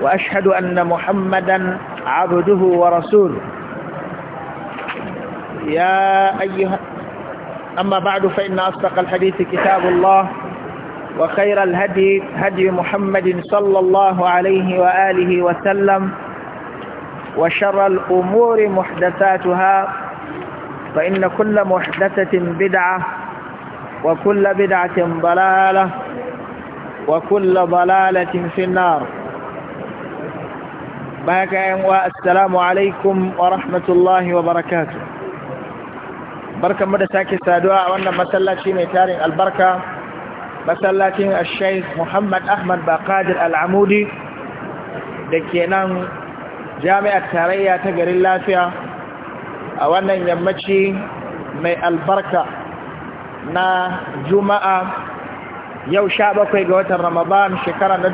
وأشهد أن محمدا عبده ورسوله يا أيها أما بعد فإن أصدق الحديث كتاب الله وخير الهدي هدي محمد صلى الله عليه وآله وسلم وشر الأمور محدثاتها فإن كل محدثة بدعة وكل بدعة ضلالة وكل ضلالة في النار baya yan wa assalamu alaikum wa rahmatullahi wa barakatu barkanmu da sake saduwa a wannan masallaci mai tarin albarka masallacin ashaif muhammad ahmad bakadir al'amudi da kenan jami'ar tarayya ta garin lafiya a wannan yammaci mai albarka na juma'a yau sha ga watan ramadan shekara na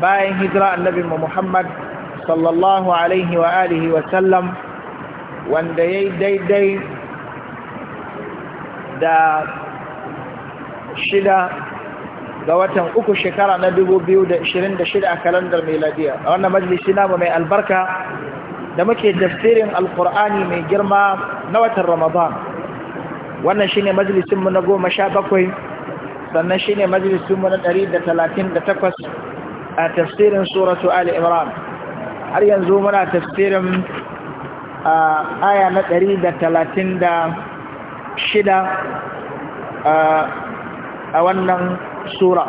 bayan hijira annabi Muhammad sallallahu alaihi wa alihi wa sallam wanda yayi daidai da shida ga watan uku shekara na shida a kalandar meladiya a wannan majalisi namu mai albarka da muke tafsirin alkur'ani mai girma na watan ramadan wannan shine majalisinmu na goma sha bakwai sannan shine majalisinmu na ɗari da talatin da takwas a tafsirin suratu Ali Imran har yanzu muna tafsirin aya na ɗari da talatin da shida a wannan sura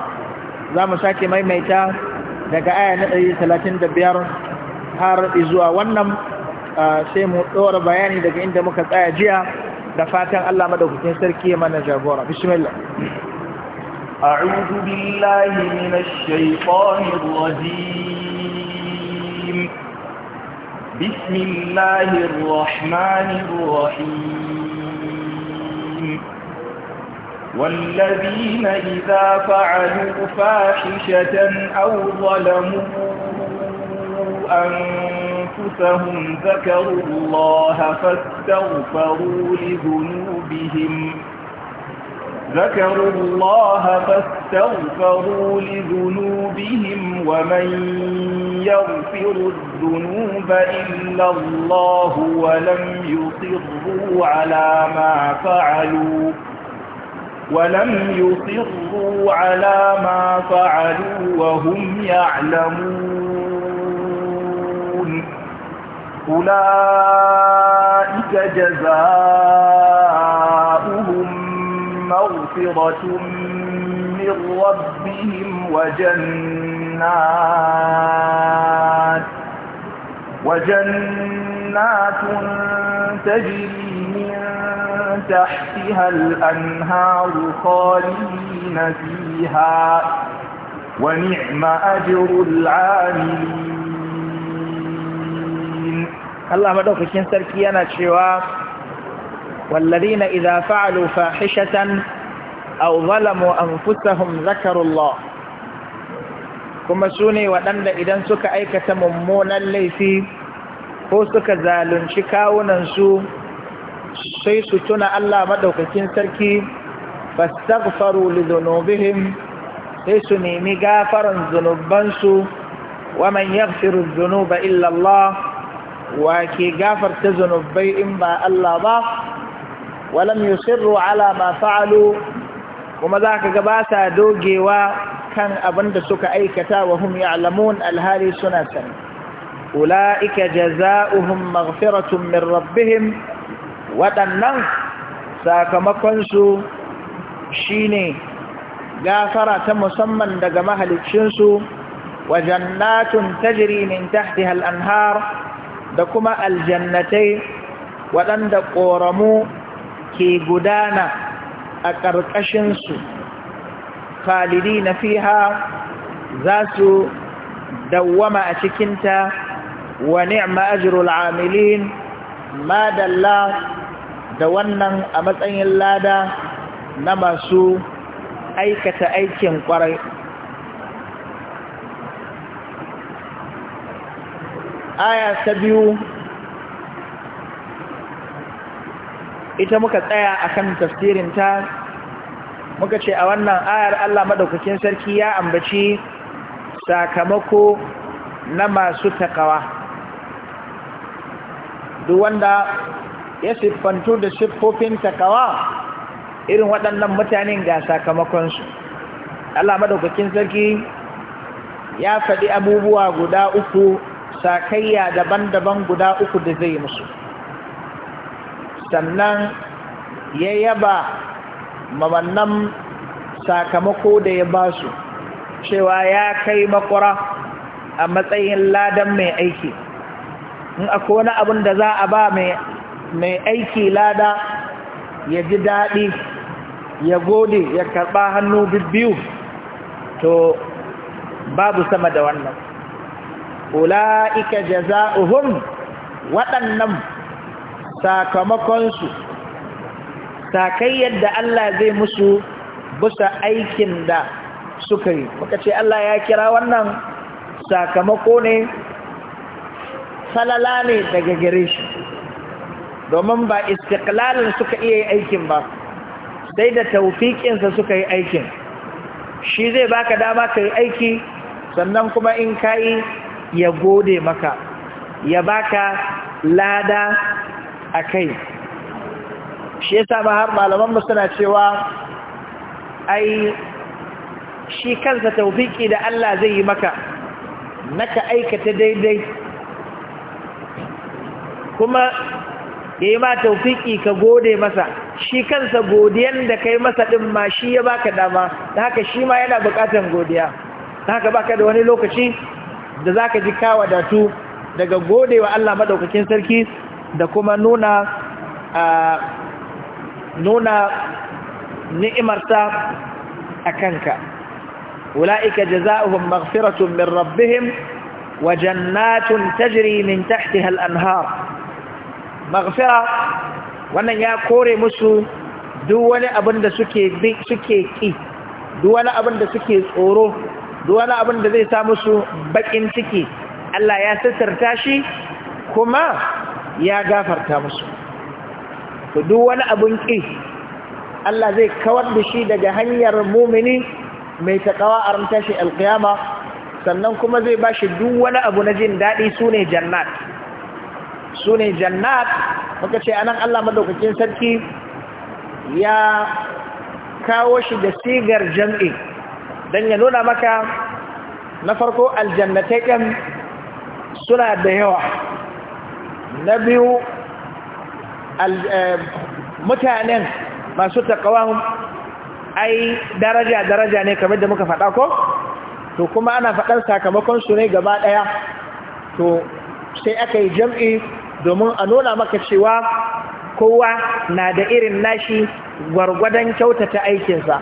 za mu sake maimaita daga aya na ɗari talatin da biyar har zuwa wannan sai mu ɗora bayani daga inda muka tsaya jiya da fatan Allah madaukakin sarki mana jagora bismillah أعوذ بالله من الشيطان الرجيم بسم الله الرحمن الرحيم والذين إذا فعلوا فاحشة أو ظلموا أنفسهم ذكروا الله فاستغفروا لذنوبهم ذكروا الله فاستغفروا لذنوبهم ومن يغفر الذنوب إلا الله ولم يصروا على ما فعلوا ولم يصروا على ما فعلوا وهم يعلمون أولئك جزاء مغفرة من ربهم وجنات وجنات تجري من تحتها الأنهار خالدين فيها ونعم أجر العاملين الله مدوكشين سركي أنا شواء والذين إذا فعلوا فاحشة أو ظلموا أنفسهم ذكروا الله كما سوني waɗanda idan suka aikata mummunan laifi ko suka zalunci kawunansu sai su tuna Allah maɗaukakin sarki fastaghfaru li dhunubihim sai su nemi gafaran zunubansu wa man yaghfiru dhunuba illa illallah wa ke gafarta zunubai in ba Allah ba walam yusirru ala ma fa'alu kuma zaka ga ba sa dogewa kan abin da suka aikata wa hum ya'lamun alhali suna sani ulaika jazaohum maghfiratun min rabbihim wadannan sakamakon su shine gafara ta musamman daga mahalicin su wa jannatun tajri min tahtiha al-anhar da kuma aljannatai waɗanda ƙoramu ke gudana a ƙarƙashinsu khalidi na fiha za su dawwama a cikinta wa ni'ma ajrul amilin ma dalla da wannan a matsayin lada na masu aikata aikin kwarai aya ta biyu ita muka tsaya a kan ta muka ce a wannan ayar Allah madaukakin sarki ya ambaci sakamako na masu takawa duk wanda ya siffantu da siffofin takawa irin waɗannan mutanen ga sakamakonsu Allah madaukakin sarki ya faɗi abubuwa guda uku sakayya daban-daban guda uku da zai musu sannan ya yaba mawannan sakamako da ya ba su cewa ya kai makura a matsayin ladan mai aiki in akwai wani abin da za a ba mai aiki lada ya ji daɗi ya gode ya karɓa hannu biyu to babu sama da wannan ula'ika jaza'uhum waɗannan sakamakonsu sakai yadda Allah zai musu busa aikin da suka yi muka ce Allah ya kira wannan sakamako ne salala ne daga gare shi domin ba istiklalin suka iya yi aikin ba sai da taufikinsa suka yi aikin shi zai baka dama ka yi aiki sannan kuma in ka yi ya gode maka ya baka lada a kai shi ya sami har malamanmu suna cewa ai shi kansa taufiki da Allah zai yi maka na ka aikata daidai kuma ya yi ma taufiki ka gode masa shi kansa godiyan da ka yi masa ɗin ma shi ya baka dama ta haka shi ma yana buƙatar godiya ta haka baka da wani lokaci da za ka ji kawadatu daga gode wa Allah maɗaukakin sarki da kuma nuna nuna ni'imarta a kanka ula'ika jaza'uhum maghfiratun min rabbihim wa jannatun tajri min tahtiha al-anhar maghfira wannan ya kore musu duk wani abin da suke bi suke ki duk wani abin da suke tsoro duk wani abin da zai sa musu bakin ciki Allah ya sattarta shi kuma ya gafarta musu to duk wani abun ki. Allah zai kawar da shi daga hanyar mumini mai taƙawa a ran tashi alqiyama sannan kuma zai ba shi duk wani abu na jin daɗi sune ne jannat su ne jannat muka ce anan Allah madaukakin sarki ya kawo shi da sigar jam'i dan ya nuna maka na farko aljannatai kan suna da yawa na biyu eh, mutanen masu takawa ai daraja-daraja ne kamar da muka faɗa ko to kuma ana faɗar sakamakon su ne gaba ɗaya to sai aka yi jam'i domin a nuna maka cewa kowa na da irin nashi gwargwadon kyautata aikinsa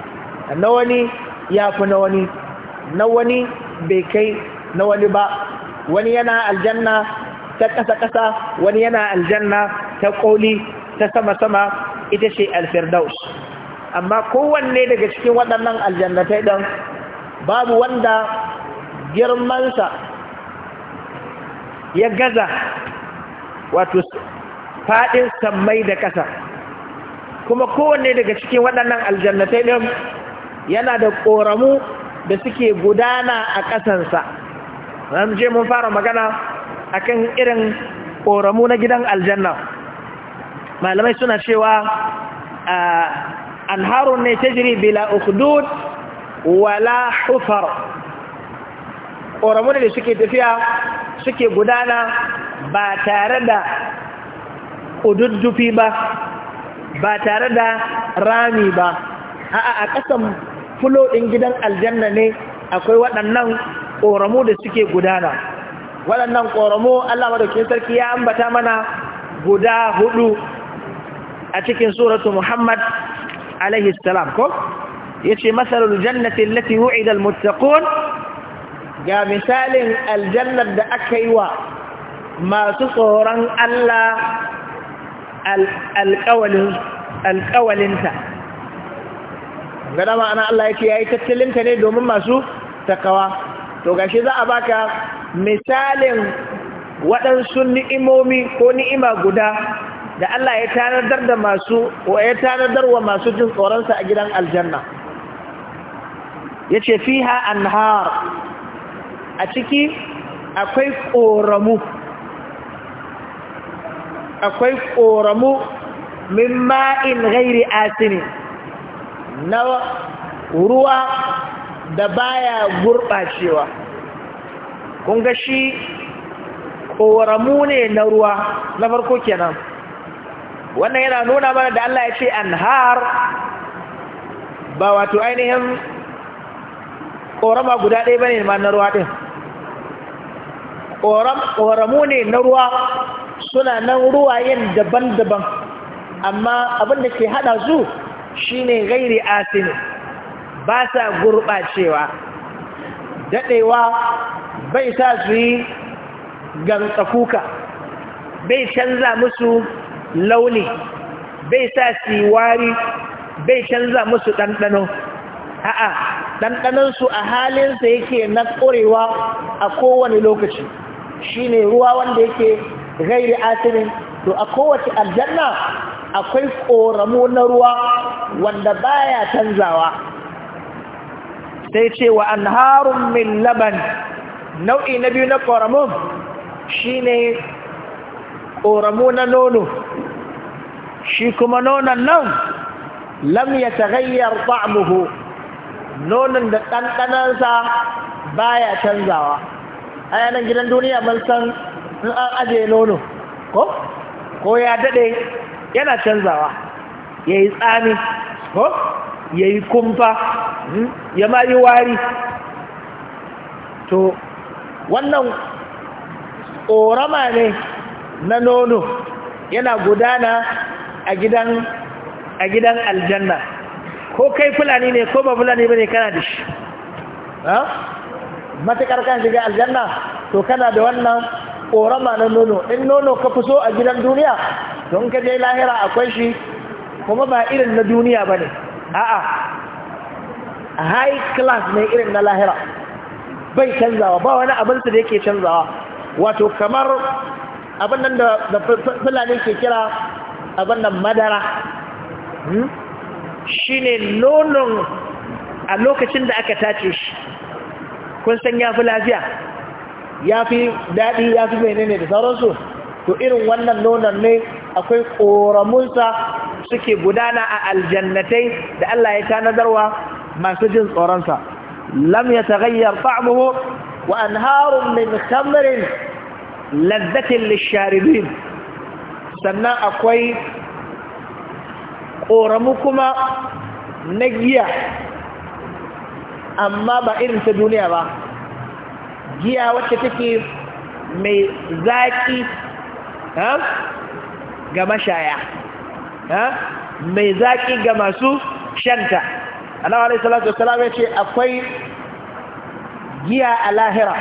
na wani ya fi na wani na wani bai kai na wani ba wani yana aljanna ta ƙasa-ƙasa wani yana aljanna ta ƙoli ta sama-sama ita ce alfirdaus amma kowanne daga cikin waɗannan aljannatai ɗan babu wanda girmansa ya gaza wato faɗin sammai da ƙasa kuma kowanne daga cikin waɗannan aljannatai ɗin yana da ƙoramu da suke gudana a ƙasansa. Ramje mun fara magana akan irin ƙoramu na gidan aljanna malamai suna cewa ah, anharun ne ta tajiri bila ukudud wala hufar ƙoramu da suke tafiya suke gudana ba tare da ƙududdufi ba ba tare da rami ba a ƙasan fulo ɗin gidan aljanna ne akwai waɗannan ƙoramu da suke gudana waɗannan ƙoramo Allah madaukin sarki ya ambata mana guda hudu a cikin suratu Muhammad alaihi salam ko yace masalul jannati allati wu'ida almuttaqun ga misalin aljannar da aka yi wa masu tsoron Allah alƙawalinta gada ma'ana Allah ya ce ya yi tattalinta ne domin masu takawa to gashi za a baka misalin waɗansu ni'imomi ko ni'ima guda da Allah ya tanadar da masu wa ya tanadar wa masu jin tsoronsa a gidan aljanna ya ce fiha anhar a ciki akwai ƙoramu akwai ƙoramu min ma'in gairi asini na ruwa da baya gurɓacewa kun ga shi koramu ne na ruwa na farko kenan wannan yana nuna mana da Allah ya ce anhar ba wato ainihin ƙorama guda ɗaya bane ma na ruwa ɗin koramu ne na ruwa suna nan ruwayen daban-daban amma abin da ke hada su shine gairi asini ba sa gurɓacewa daɗewa bai sa su yi kuka, bai canza musu launi bai sa su yi wari bai canza musu ɗanɗano a'a ɗanɗanonsu a halinsa yake na ƙorewa a kowane lokaci shi ne ruwa wanda yake gairi asirin to a kowace aljanna akwai ƙoramu na ruwa wanda baya canzawa sai ce wa an harun min laban nau'i na biyu na ƙoramu shi ne ƙoramu na nono shi kuma nonon nan lam ya tagayyar ta'amuhu nonon da ɗanɗanansa baya canzawa a yanar gidan duniya mun san in an ajiye nono ko ko ya daɗe yana canzawa ya yi tsami ko ya yi kumfa hmm? ya ma yi wari to wannan ƙorama ne na nono yana gudana a gidan aljanna ko kai fulani ne ko ba fulani ba ne kana da shi matuƙar kan shiga aljanna to kana da wannan ƙorama na nono in nono ka fi so a gidan duniya don ka je lahira akwai shi kuma ba irin na duniya ba ne a'a high class ne irin na lahira bai canzawa ba wani abinsa da yake canzawa wato kamar abin nan da fulani ke kira abin nan madara hmm? shi ne nonon a lokacin da aka tace shi kun san ya fi lafiya ya fi daɗi ya fi menene da sauransu to irin wannan nonon ne akwai ƙoramunsa suke gudana a aljannatai da Allah ya tanadarwa masu jin tsoronsa Lamya yataghayyar ta'muhu wa anharun min khamrin ladzatin lisharibin sannan akwai ƙoramu kuma na giya amma ba irin ta duniya ba giya wacce take mai zaƙi ga mashaya mai zaƙi ga masu shanta annabi alaihi salatu wasallam ya ce akwai giya a lahira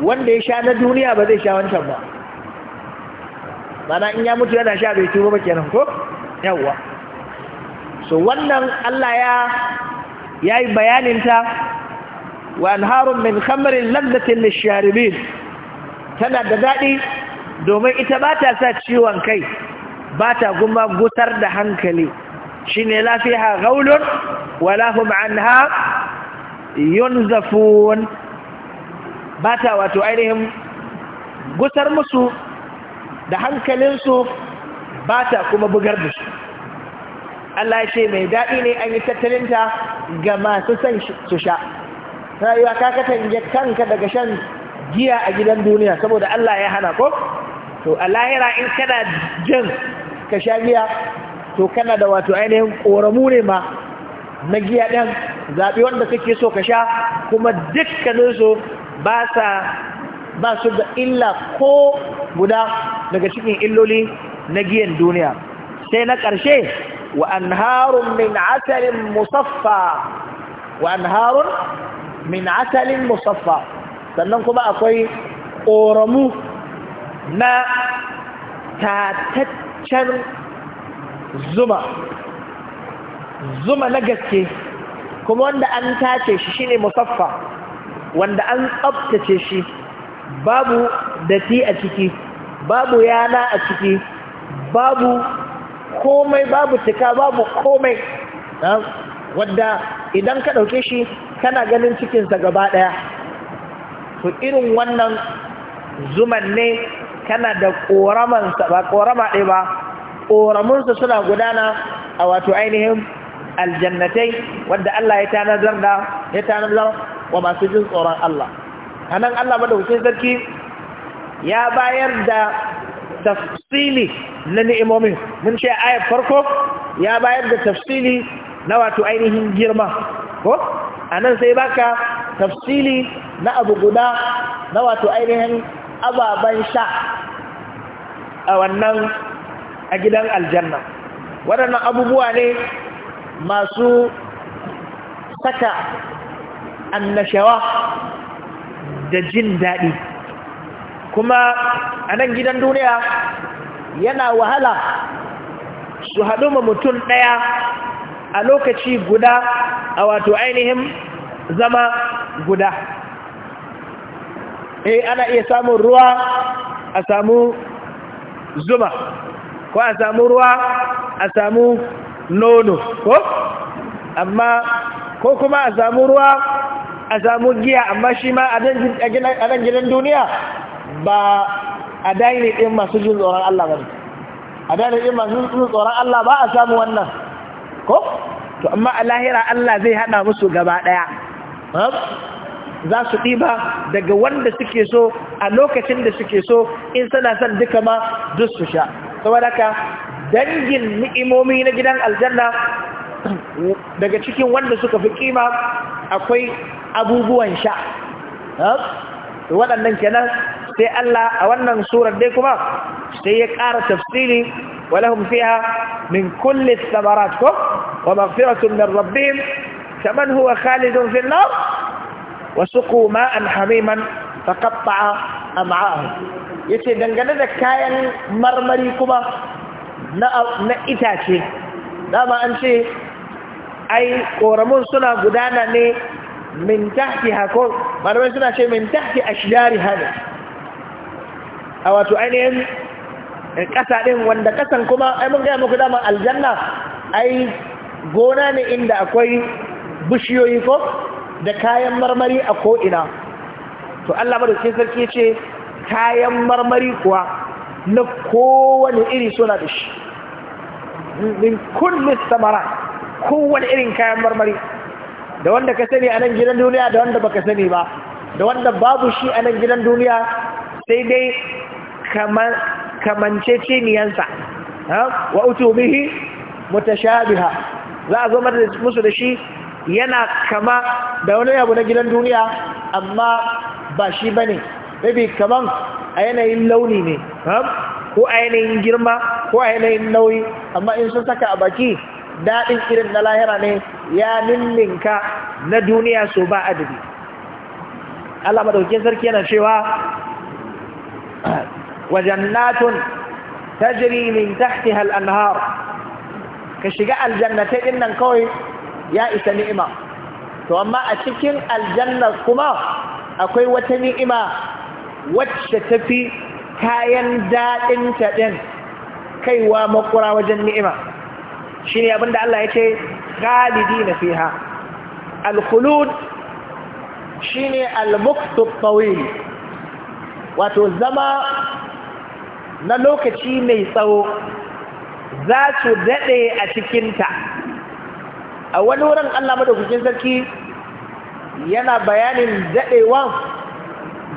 wanda ya sha na duniya ba zai sha wancan ba mana in ya mutu yana sha bai tuba ba kenan ko yawwa so wannan Allah ya yayi bayanin ta wa anharun min khamrin laddatin lisharibin tana da dadi domin ita ba ta sa ciwon kai ba ta gumma gutar da hankali shine la fiha ghaulun wala anha yunzafun ta wato ainihin gusar musu da hankalinsu ta kuma bugar da su Allah ya ce mai daɗi ne an yi tattalinta ga masu son su sha rayuwa ka katange kanka daga shan giya a gidan duniya saboda Allah ya hana ko to a lahira in kana jin ka sha giya to kana da wato ainihin ƙoramu ne ma na giya ɗan zaɓi wanda kake so ka sha kuma dukkaninsu ba su da illa ko guda daga cikin illoli na giyan duniya sai na ƙarshe wa harun min asalin musaffa wa anharun min asalin musaffa sannan kuma akwai ƙoramu na tataccen zuma zuma na gaske kuma wanda an tace shi shine musaffa wanda an tsabtace shi babu dati a ciki babu yana a ciki babu komai babu cika babu komai wadda idan ka ɗauke shi kana ganin cikinsa gaba ɗaya to irin wannan zuman ne kana da ƙoramansa ba ƙorama ɗaya ba ƙoramunsa suna gudana a wato ainihin aljannatai wadda Allah ya tanadar da ya wa masu jin tsoron Allah nan Allah madaukakin sarki ya bayar da tafsili na ni'imomin mun ce ayar farko ya bayar da tafsili na wato ainihin girma ko anan sai baka tafsili na abu guda na wato ainihin ababen sha a wannan a gidan aljanna waɗannan abubuwa ne masu saka annashawa da jin daɗi kuma a nan gidan duniya yana wahala su haɗu ma mutum ɗaya a lokaci guda a wato ainihin zama guda eh ana iya samun ruwa a samu zuma ko a samu ruwa a samu nono ko amma ko kuma a samu ruwa a samu giya amma shi ma a nan gidan duniya ba a daini din masu jin tsoron Allah ba a daini din masu jin tsoron Allah ba a samu wannan ko to amma a lahira Allah zai hada musu gaba daya za su ɗiba daga wanda suke so a lokacin da suke so in sana son duka ma duk su sha saboda dangin ni'imomi na gidan aljanna daga cikin wanda suka fi kima akwai abubuwan sha to wadannan kenan sai Allah a wannan surar dai kuma sai ya ƙara tafsiri walahum fiha min kulli thamarat ko wa maghfiratun min rabbihim kaman huwa khalidun fil nar wa suqu ma'an hamiman faqatta'a am'a'ahum yace dangane da kayan marmari kuma na itace dama an ce ai koramun suna gudana ne min tahti hako malamai suna ce min tahti shidari hannu a wato ainihin eh, ƙasa ɗin wanda ƙasan kuma ai mun gaya muku dama aljanna ai gona ne inda akwai bishiyoyi ko da kayan marmari a ko'ina to Allah madaukakin sarki ce kayan marmari kuwa na kowane iri suna da shi min kullum samara kowane irin kayan marmari da wanda ka sani a nan gidan duniya da wanda baka sani ba da wanda babu shi a nan gidan duniya sai dai kamance ciniyansa wa utu bihi mutashabiha za a zo musu da shi yana kama da wani abu na gidan duniya amma ba shi bane maybe kaman a yanayin launi ne ko a yanayin girma ko a yanayin nauyi amma in sun saka a baki daɗin irin na lahira ne ya ninninka na duniya so ba adadi Allah madaukin sarki yana cewa wajannatun tajri min tahtiha al-anhar ka shiga aljannatai din kawai ya isa ni'ima to amma a cikin aljanna kuma akwai wata ni'ima wacce tafi kayan daɗin taɗin kaiwa makura wajen ni'ima shi ne abinda Allah ya ce galidi na fiha alkulud shi ne almuktub tsawili wato zama na lokaci mai tsawo za su daɗe a cikinta a wani wurin Allah madaukakin sarki yana bayanin daɗewa?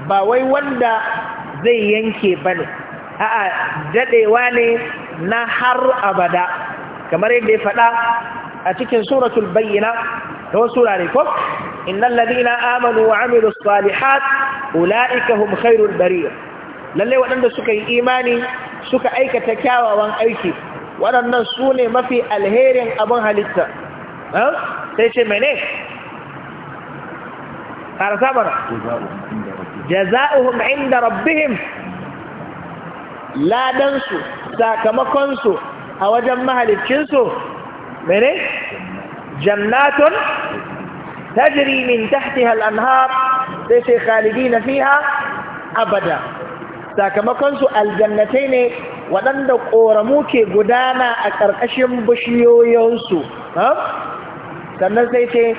ba wai wanda zai yanke ba ne a'a daɗewa ne na har abada kamar yadda ya faɗa a cikin suratul bayyana da wasu rari ko Inna ladina amanu wa Amiru salihat ulaika khairul bariya lalle waɗanda suka yi imani suka aikata kyawawan aiki waɗannan su ne mafi alherin abin halitta sai ce mene ƙarasa mana jaza'uhum inda rabbihim sakamakon su a wajen mahalicinsu mene jannatun tajri min tahtiha al-anhar sai sai khalidina fiha abada sakamakonsu aljannatai ne waɗanda ƙoramu ke gudana a ƙarƙashin bishiyoyinsu sannan sai ce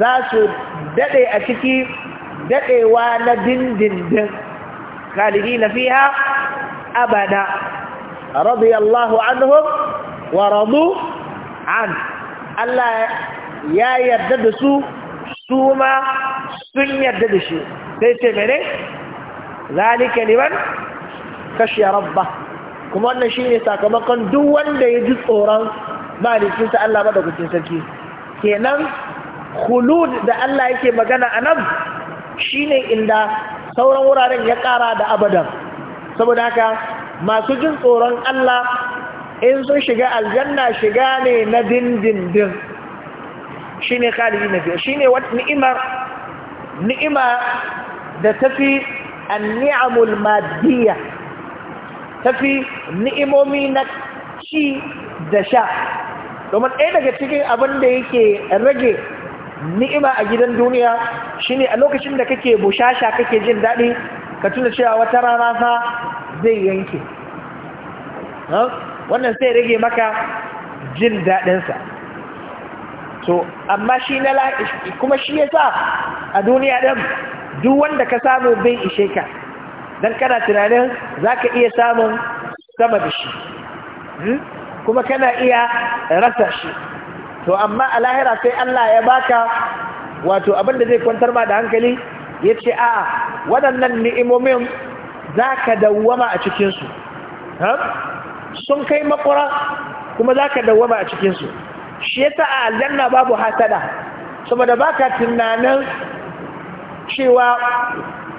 za su daɗe a ciki daɗewa na dindindin khalidi na fiha abada radiyallahu anhum wa radu an Allah ya yarda da su su ma sun yarda da shi sai ce mene zalika liman kashiya rabba kuma wannan shine sakamakon duk wanda ya ji tsoron malikinsa Allah madaukakin sarki kenan khulud da Allah yake magana anan shine inda sauran wuraren ya ƙara da abadan saboda haka masu jin tsoron Allah in sun shiga aljanna shiga ne na dindindin ne khalidi na fiye Shi wata ni'imar ni'ima da tafi an-ni'amul madiyya tafi ni'imomi na ci da sha domin ɗaya daga cikin abin da yake rage ni'ima a gidan duniya shine a lokacin da kake bushasha kake jin daɗi ka tuna cewa wata rana fa zai yanke wannan sai rage maka jin daɗinsa to amma shi na kuma shi ya sa a duniya ɗin duk wanda ka samu bin ishe ka don kana tunanin za ka iya samun sama da shi hmm? kuma kana iya rasa shi to amma a lahira sai Allah ya baka wato abin da zai kwantar ma da hankali ya ce a waɗannan ni'imomin za ka dawwama a cikinsu sun kai makura kuma za ka dawwama a cikinsu shi ya sa a aljanna babu hasada saboda ba tunanin cewa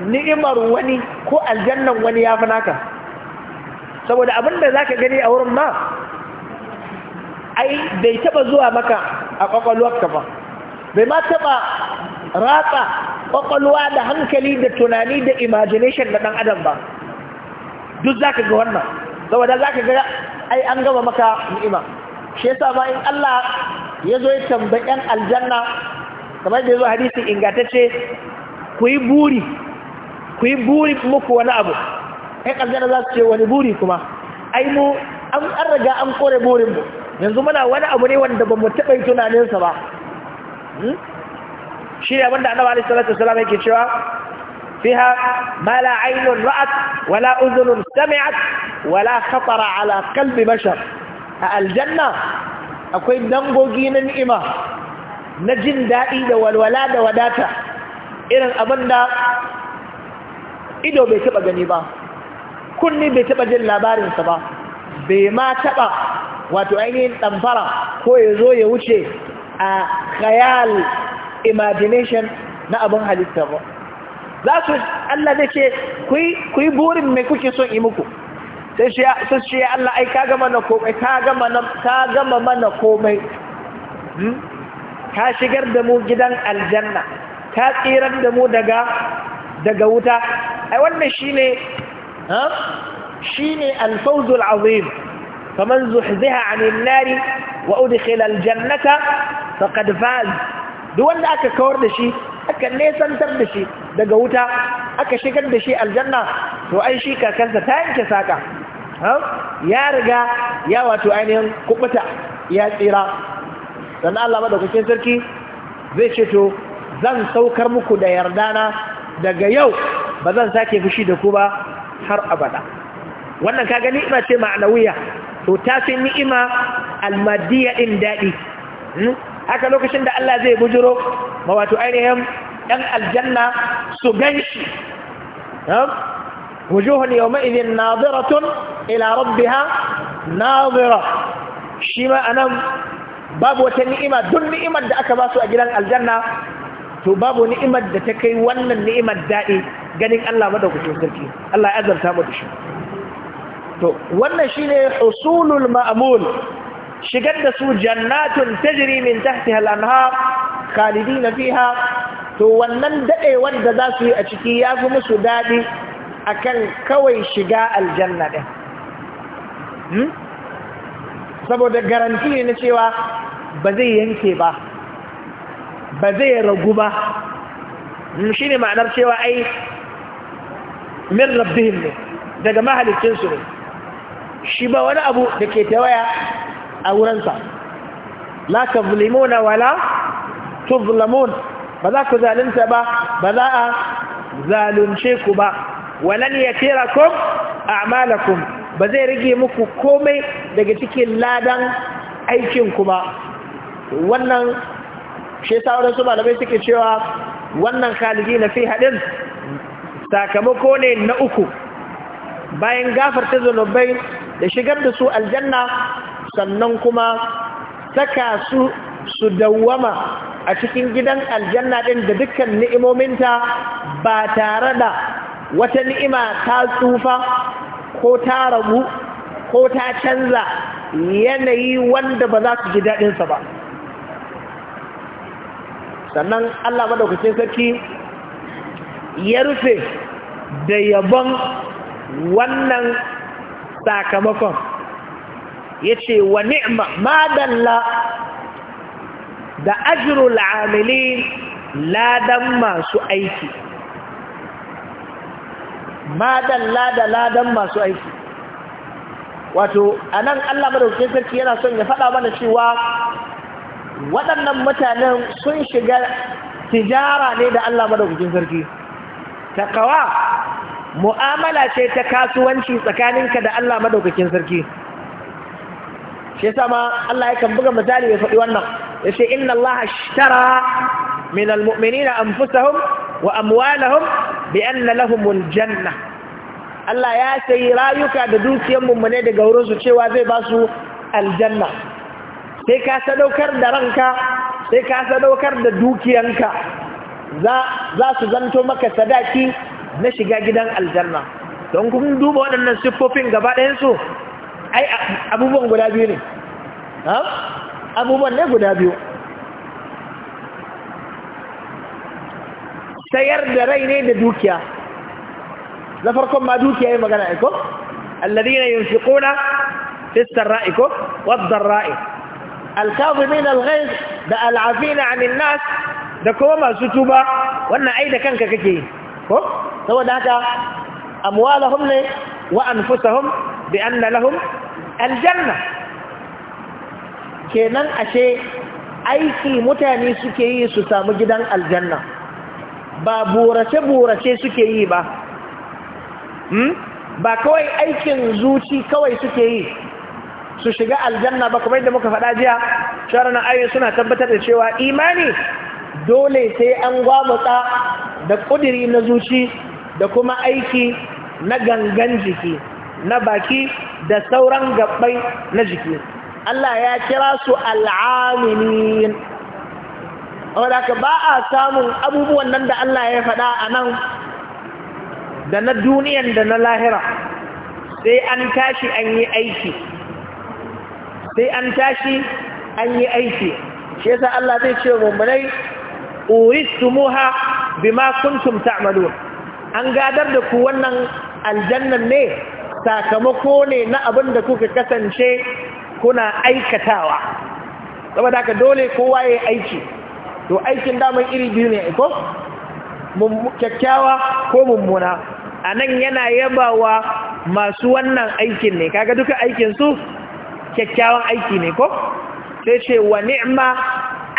ni'imar wani ko aljannan wani ya fi naka saboda abin da za ka gani a wurin ma ai bai taba zuwa maka a kwakwalwarka ba bai ma taba ratsa kwakwalwa da hankali da tunani da imagination da ɗan adam ba duk zaka ga wannan saboda zaka ga ai an gaba maka ni'ima shi yasa ma in Allah ya zo ya tambayi ɗan aljanna kamar da ya zo hadisi ingatacce ku yi buri ku yi buri muku wani abu ɗan aljanna za su ce wani buri kuma ai mu an riga an kore burin mu yanzu muna wani abu ne wanda ba mu taɓa yi tunaninsa ba hmm? shi ne abinda annabi alaihi salatu wasallam yake cewa fiha ma la aynun ra'at wala udhunun sami'at wala khatara ala qalbi bashar a aljanna akwai dangogi na ni'ima na jin daɗi da walwala da wadata irin abinda ido bai taɓa gani ba kunni bai taɓa jin labarinsa ba bai ma taɓa wato ainihin damfara ko ya zo ya wuce a khayal imagination na abin halitta ba za su Allah zai ce ku yi burin mai kuke son yi muku sai su ce Allah ai ka gama na komai ka gama mana komai hmm? ka shigar da mu gidan aljanna ka tsirar da mu daga wuta ai wannan shi ne shine alfawzul azim faman zuhziha 'anil nari wa udkhila aljannata faqad faz duk wanda aka kawar da shi aka nesantar da shi daga wuta aka shigar da shi aljanna to ai shi kakansa ta yanke saka ya riga ya wato ainihin kubuta ya tsira sannan Allah madaukakin sarki zai ce to zan saukar muku da yardana daga yau ba zan sake fushi da ku ba har abada wannan kaga ni'ima ce ma'anawiya to ta fi ni'ima almadiya din daɗi hmm? haka lokacin da Allah zai bujiro ma wato ainihin 'yan aljanna su gan shi hmm? wujuhun yawma'idin nadiratun ila rabbiha nadira shi ma anan babu wata ni'ima duk ni'imar da aka ba su a gidan aljanna to babu ni'imar da ta kai wannan ni'imar daɗi ganin Allah madaukakin sarki Allah ya azarta mu da shi to wannan shine husulul ma'mul shigar da su jannatun tajri min tahtiha al-anhar khalidina fiha to wannan dadewar da za su yi a ciki fi musu dadi akan kawai shiga aljanna din hmm? saboda garanti ne na cewa ba zai yanke ba ba zai ragu ba hmm, shine ma'anar cewa ai min rabbihim ne daga su ne shi ba wani abu da ke tawaya a wuransa la tazlimuna wala tuzlamun ba za ku zalunta ba ba za a zalunce ku ba walan yatirakum a'malakum ba zai rage muku komai daga cikin ladan aikin ku ba wannan shi sauran su malamai suke cewa wannan khalidi na fi haɗin sakamako ne na uku bayan gafarta zunubai da shigar da su aljanna sannan kuma saka su su dawwama a cikin gidan aljanna ɗin da dukkan ni'imominta ba tare da wata ni'ima ta tsufa ko ta ragu ko ta canza yanayi wanda ba za su ji daɗinsa ba sannan Allah madaukakin sarki ya rufe da yabon wannan sakamakon ya ce wa ni'ma madalla da Ajiru amili ladan masu aiki madalla da ladan masu aiki wato a nan allah madaukakin sarki yana son ya faɗa mana cewa waɗannan mutanen sun shiga tijara ne da allah madaukakin sarki kawa. mu'amala ce ta kasuwanci tsakaninka da Allah madaukakin sarki shi yasa ma Allah yakan buga misali ya faɗi wannan Ya inna Allah ashtara min almu'minina anfusahum wa amwalahum bi anna janna Allah ya sayi rayuka da dukiyar mummune daga wurin su cewa zai ba su aljanna sai ka sadaukar da ranka sai ka sadaukar da dukiyanka za za su zanto maka sadaki na shiga gidan aljanna don kun duba waɗannan siffofin gaba ɗayansu ai abubuwan guda biyu ne ha? abubuwan ne guda biyu sayar da rai ne da dukiya na farkon ma dukiya yi magana iko alladina yunfiquna fi sarra'i ko wadh-dharra'i al-kadhibina da al'afina afina nas da kuma masu tuba wannan ai da kanka kake yi ko saboda haka amwalahum ne wa anfusahum bi anna lahum aljanna kenan ashe aiki mutane suke yi su samu gidan aljanna ba burace-burace suke yi ba hmm? ba kawai aikin zuci kawai suke yi su shiga aljanna ba kamar da muka faɗa jiya sharon ayoyi suna tabbatar da cewa imani dole sai an gwamutsa da ƙudiri na zuci da kuma aiki na gangan jiki na baki da sauran gabbai na jiki Allah ya kira su al'aminin wadda ka ba a samun abubuwan nan da Allah ya faɗa a nan da na duniyan da na lahira sai an tashi an yi aiki sai an tashi an yi aiki shi yasa Allah zai ce mummunai uristumuha bima kuntum ta'malun an gadar da ku wannan aljannan ne sakamako ne na abin da kuka kasance kuna aikatawa saboda haka dole kowa ya aiki to aikin daman iri biyu ne ko kyakkyawa ko mummuna a nan yana yabawa masu wannan aikin ne kaga duka aikinsu kyakkyawan aiki ne ko sai ce wa ni'ma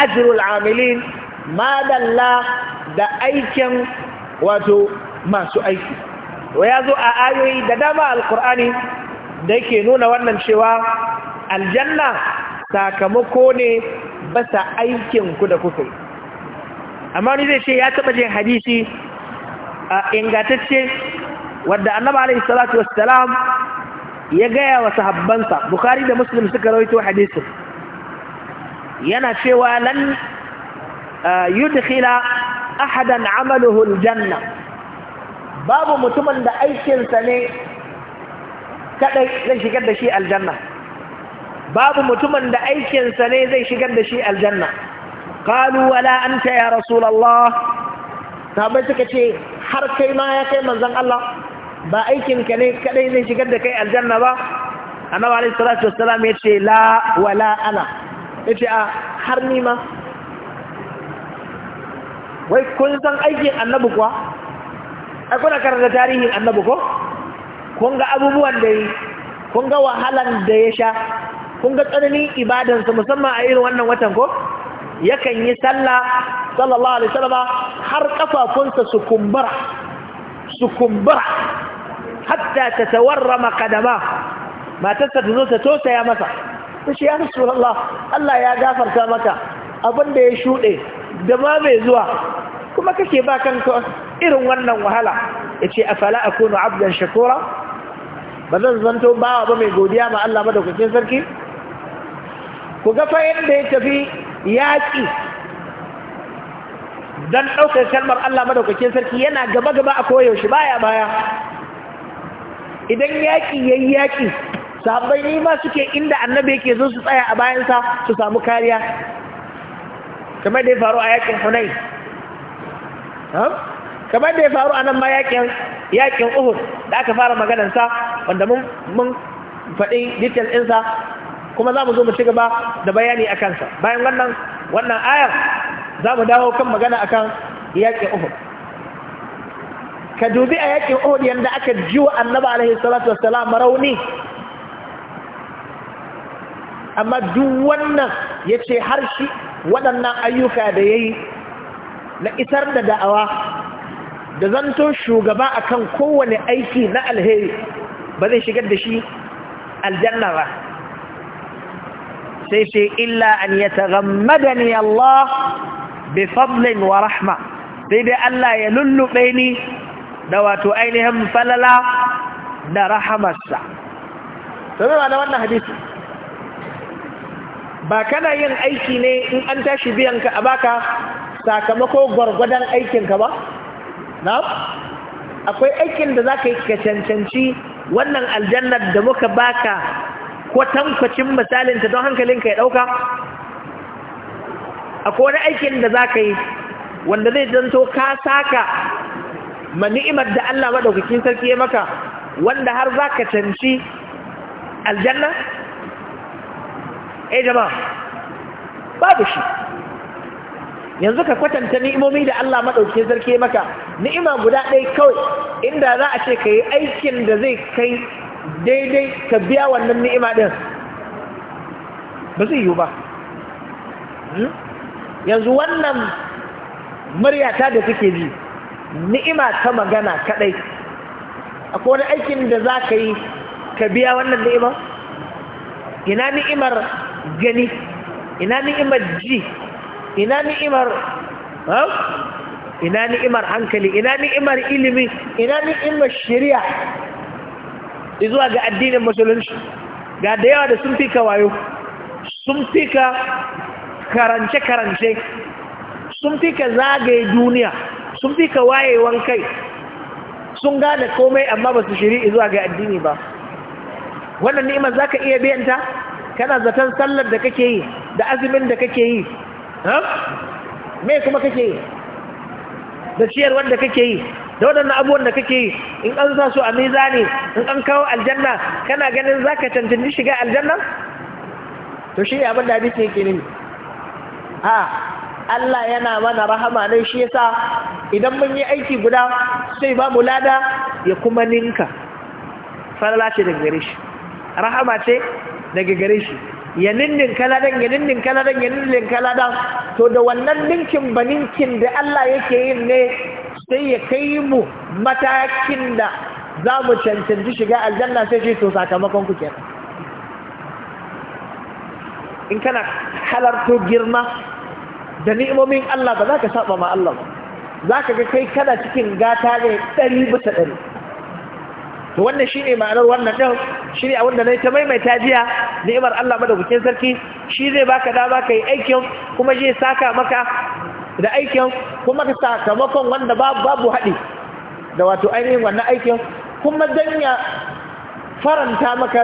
ajrul amilin madalla da aikin wato masu aiki ya zo a ayoyi da dama alkur'ani da yake nuna wannan cewa aljanna sakamako ne basa ku da kuka amma wani zai ce ya taba jin hadisi a ingatacce wadda annaba alaihi salatu wassalam ya gaya wa sahabbansa bukari da muslim suka rawaito hadisin yana cewa lan yudkhila ahadan amaluhu aljanna babu mutumin da aikinsa ne kadai zai shigar da shi aljanna babu mutumin da aikinsa ne zai shigar da shi aljanna qalu wala anta ya rasulullah sahabbai suka ce har kai ma ya kai manzon Allah ba aikinka ne kadai zai shigar da kai aljanna ba annabi alayhi salatu wassalam ya ce la wala ana yace a har ni ma wai kun san aikin annabi kuwa ai kuna karanta tarihin annabi ko kun ga abubuwan da yi kun ga wahalan da ya sha kun ga tsananin ibadansa musamman a irin wannan watan ko yakan yi sallah sallallahu alaihi sallama, har kafafunsa su kumbura su kumbura hatta tatawarrama kadama matarsa ta zo ta tosaya masa tace ya rasulullah Allah ya gafarta maka abin da ya shuɗe da ma mai zuwa kuma kake ba kanka irin wannan wahala ya ce a afala a kunu abdan shakura ba zan zanto bawa ba mai godiya ma Allah madaukakin sarki ku gafa yadda ya tafi yaƙi don ɗaukar kalmar Allah madaukakin sarki yana gaba-gaba a koyaushe baya-baya idan yaƙi ya yi yaƙi sahabbai ne ma suke inda annabi yake zo su tsaya a bayansa su samu kariya kamar da ya faru a yaƙin hunai kamar da ya faru a nan ma yakin Uhud da aka fara maganar sa wanda mun faɗi detail din sa kuma za mu zo mu ci gaba da bayani a kansa, bayan wannan wannan ayar za mu dawo kan magana akan yakin Uhud ka dubi a yakin Uhud yadda aka ji wa Annabi alaihi salatu wassalam rauni amma duk wannan ya ce har shi waɗannan ayyuka da ya yi na isar da da'awa da zanto shugaba akan kowane aiki na alheri ba zai shigar da shi aljanna ba sai sai illa an ya tagammadani Allah bi fadlin wa rahma sai dai Allah ya lullube ni da wato ainihin falala da rahamarsa sai ba wannan hadisi ba kana yin aiki ne in an tashi biyanka a baka sakamako gwargwadon aikinka ba na akwai aikin da za ka yi ka cancanci wannan aljannar da muka baka kwatankwacin ta don hankalinka ya ɗauka akwai wani aikin da za ka yi wanda zai zanto ka saka ma ni'imar da Allah maɗaukakin sarki ya maka wanda har za ka canci aljanna? eh jama'a babu shi yanzu ka kwatanta ni'imomi da Allah maɗauke zarke maka ni'ima guda ɗaya kawai inda za a ce ka yi aikin da zai kai daidai ka biya wannan ni'ima ɗin ba zai yiwu ba hmm? yanzu wannan muryata da suke ji ni'ima ta magana kaɗai akwai wani aikin da za ka yi ka biya wannan ni'ima ina ni'imar gani ina ni'imar ji ina ni'imar ina ni'imar hankali ina ni'imar ilimi ina ni'imar shari'a izuwa ga addinin musulunci ga da yawa da sun fi ka wayo sun fi ka karance-karance sun fi ka zagaye duniya sun fi ka wayewan kai sun gane komai amma ba su shiri zuwa ga addini ba wannan ni'imar za ka iya biyanta kana zaton sallar da kake yi da azumin da kake yi ha me kuma kake yi da ciyar wanda kake yi da waɗannan abubuwan da kake yi in an sa su a mizani in an kawo aljanna kana ganin za ka cancanci shiga aljanna to shi abin da hadisi yake ne. ha Allah yana mana rahama ne shi yasa idan mun yi aiki guda sai ba mu lada ya kuma ninka falala ce daga gare shi rahama ce daga gare shi ya nindin kaladan ya nindin kaladan ya nindin kaladan to da wannan ninkin baninkin da Allah yake yin ne sai ya kai mu matakin da za mu cancanci shiga aljanna sai shi to sakamakon ku kenan in kana halarto girma da ni'imomin Allah ba za ka saba ma Allah ba za ka ga kai kana cikin gata ne ɗari bisa ɗari to wannan shine ma'anar wannan din shine abin da nayi ta maimaita jiya ni'imar Allah madaukakin sarki shi zai baka dama kai aikin kuma zai saka maka da aikin kuma ka sakamakon wanda babu haɗi da wato ainihin wannan aikin kuma dan ya faranta maka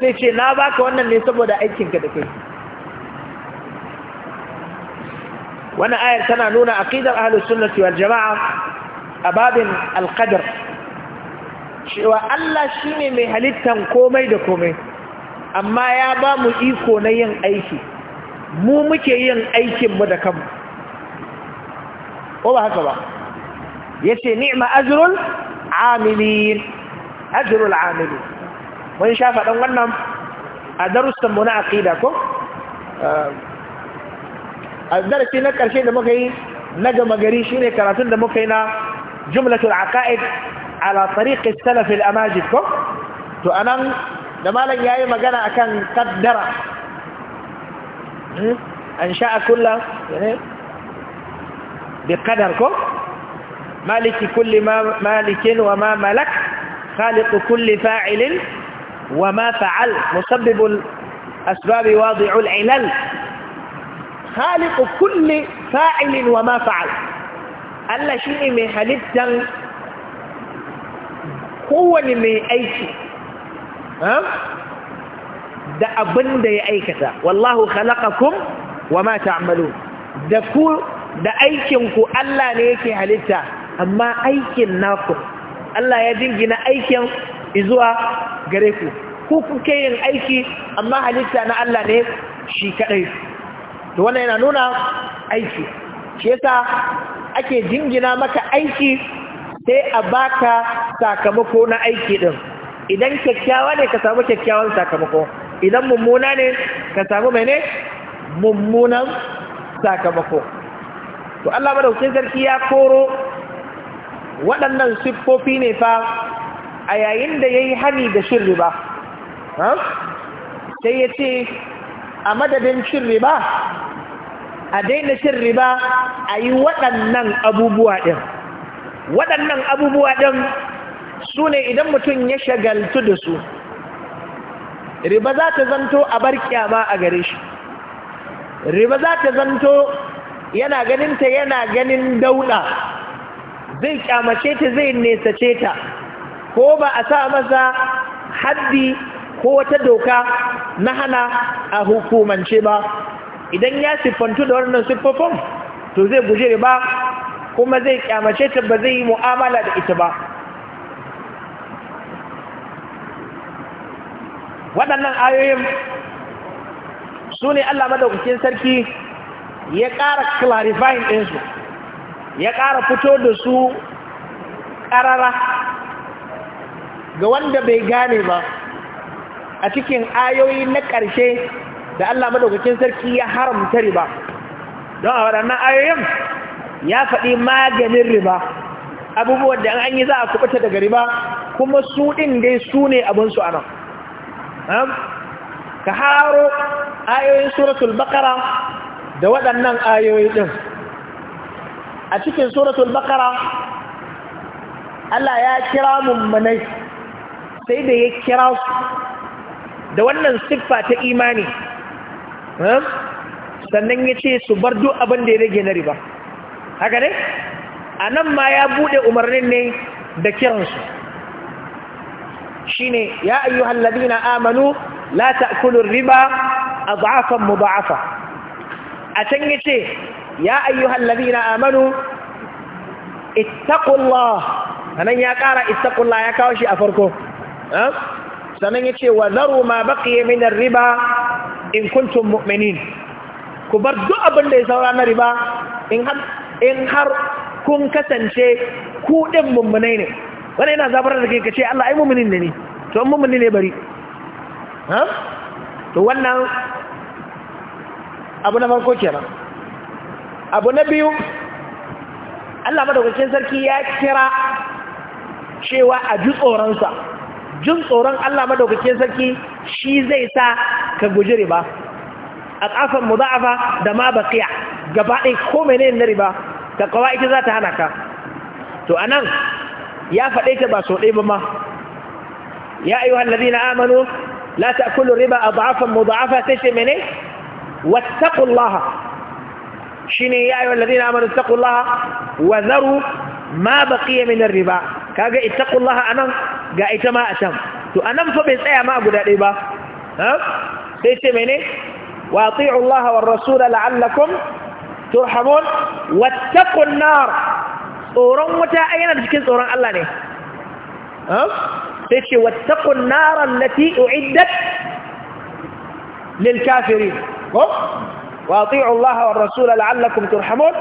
zai ce na baka wannan ne saboda aikinka da kai wannan ayar tana nuna aqidar ahlus sunnati wal jamaa a babin al cewa Allah shi ne mai halittan komai da komai amma ya ba mu iko na yin aiki mu muke yin aikinmu da kanmu ko ba haka ba ya ce ni'ma azurul amilin azurul amilin mun sha faɗin wannan a mu na aƙida ko? Uh, a darasi na ƙarshe da muka yi na gama gari shi ne karatun da muka yi na jumlatul aqaid على طريق السلف الأماجد تو تؤنن لما لن يأي مغانا أكان قدر أنشاء كل يعني، بقدر كم مالك كل ما مالك وما ملك خالق كل فاعل وما فعل مسبب الأسباب واضع العلل خالق كل فاعل وما فعل ألا شيء من حليب kowane mai aiki da abin da ya aikata wallahu khalaqakum wa ma ta'malun da ku da aikin ku Allah ne yake halitta amma aikin naku Allah ya jingina aikin zuwa gare ku ku kuke yin aiki amma halitta na Allah ne shi kadai to wannan yana nuna aiki shi yasa ake jingina maka aiki sai a baka sakamako na aiki din idan kyakkyawa ne ka samu kyakkyawan sakamako idan mummuna ne ka samu ne mummunan sakamako to Allah madaukakin sarki ya koro waɗannan siffofi ne fa a yayin da ya yi hani da shirri ba, sai ya ce a madadin shirri ba a daina shirri ba a yi waɗannan abubuwa ɗin waɗannan abubuwa ɗin su ne idan mutum ya shagaltu da su riba za ta zanto a bar kyama a gare shi riba za ta zanto yana ganinta yana ganin dauɗa zai kyamace ta zai nesace ta ko ba a sa masa haddi ko wata doka na hana a hukumance ba idan ya siffantu da wannan siffofin to zai guje riba kuma zai kyamace ta ba zai yi mu'amala da ita ba waɗannan ayoyin su ne Allah madaukakin sarki ya ƙara clarifying ɗinsu ya ƙara fito da su ƙarara ga wanda bai gane ba a cikin ayoyi na ƙarshe da Allah madaukakin sarki ya haramta riba don a waɗannan ayoyin ya faɗi maganin riba abubuwan da an yi za a kubuta daga riba kuma su ɗin dai su ne abinsu a nan ka haro ayoyin suratul bakara da waɗannan ayoyi ɗin a cikin suratul bakara Allah ya kira mummunai sai da ya kira su da wannan siffa ta imani sannan ya ce su bar duk abin da ya rage na riba haka ne a nan ma ya buɗe umarnin ne da kiransu shi ne ya ayyu hallabi na amanu la ta'kulun riba a ba'afan mu ba'afa a can yi ce ya ayyu hallabi na amanu ittakullah Sannan ya ƙara ittakullah ya kawo shi a farko sannan ya ce wa zaru ma baƙiye minar riba in kuntum mu'minin ku bar duk abin da ya saura na riba in har in har kun kasance ku ɗin mummunai ne wani yana zafarar da kai ka ce Allah ai mummunin ne ni, to an mummuni ne bari ha to wannan abu na farko kenan abu na biyu Allah madaukakin sarki ya kira cewa a ji tsoronsa jin tsoron Allah madaukakin sarki shi zai sa ka guji riba A aqafan mudha'afa da ma baqiya gaba ɗaya ko menene na riba ta kawai ita za ta hana ka to a nan ya faɗe ta ba sau ɗaya ba ma ya ayyuhal ladina amanu la ta'kulu riba a adhafan mudha'afa sai ce mene wattaqullaha shine ya ayyuhal ladina amanu taqullaha wa zaru ma baqiya min riba kaga a nan ga ita ma a can to a nan fa bai tsaya ma guda ɗaya ba sai ce mene واطيعوا الله والرسول لعلكم ترحمون واتقوا النار اورون متى اين تشكين اورون الله ني ها واتقوا النار التي اعدت للكافرين واطيعوا الله والرسول لعلكم ترحمون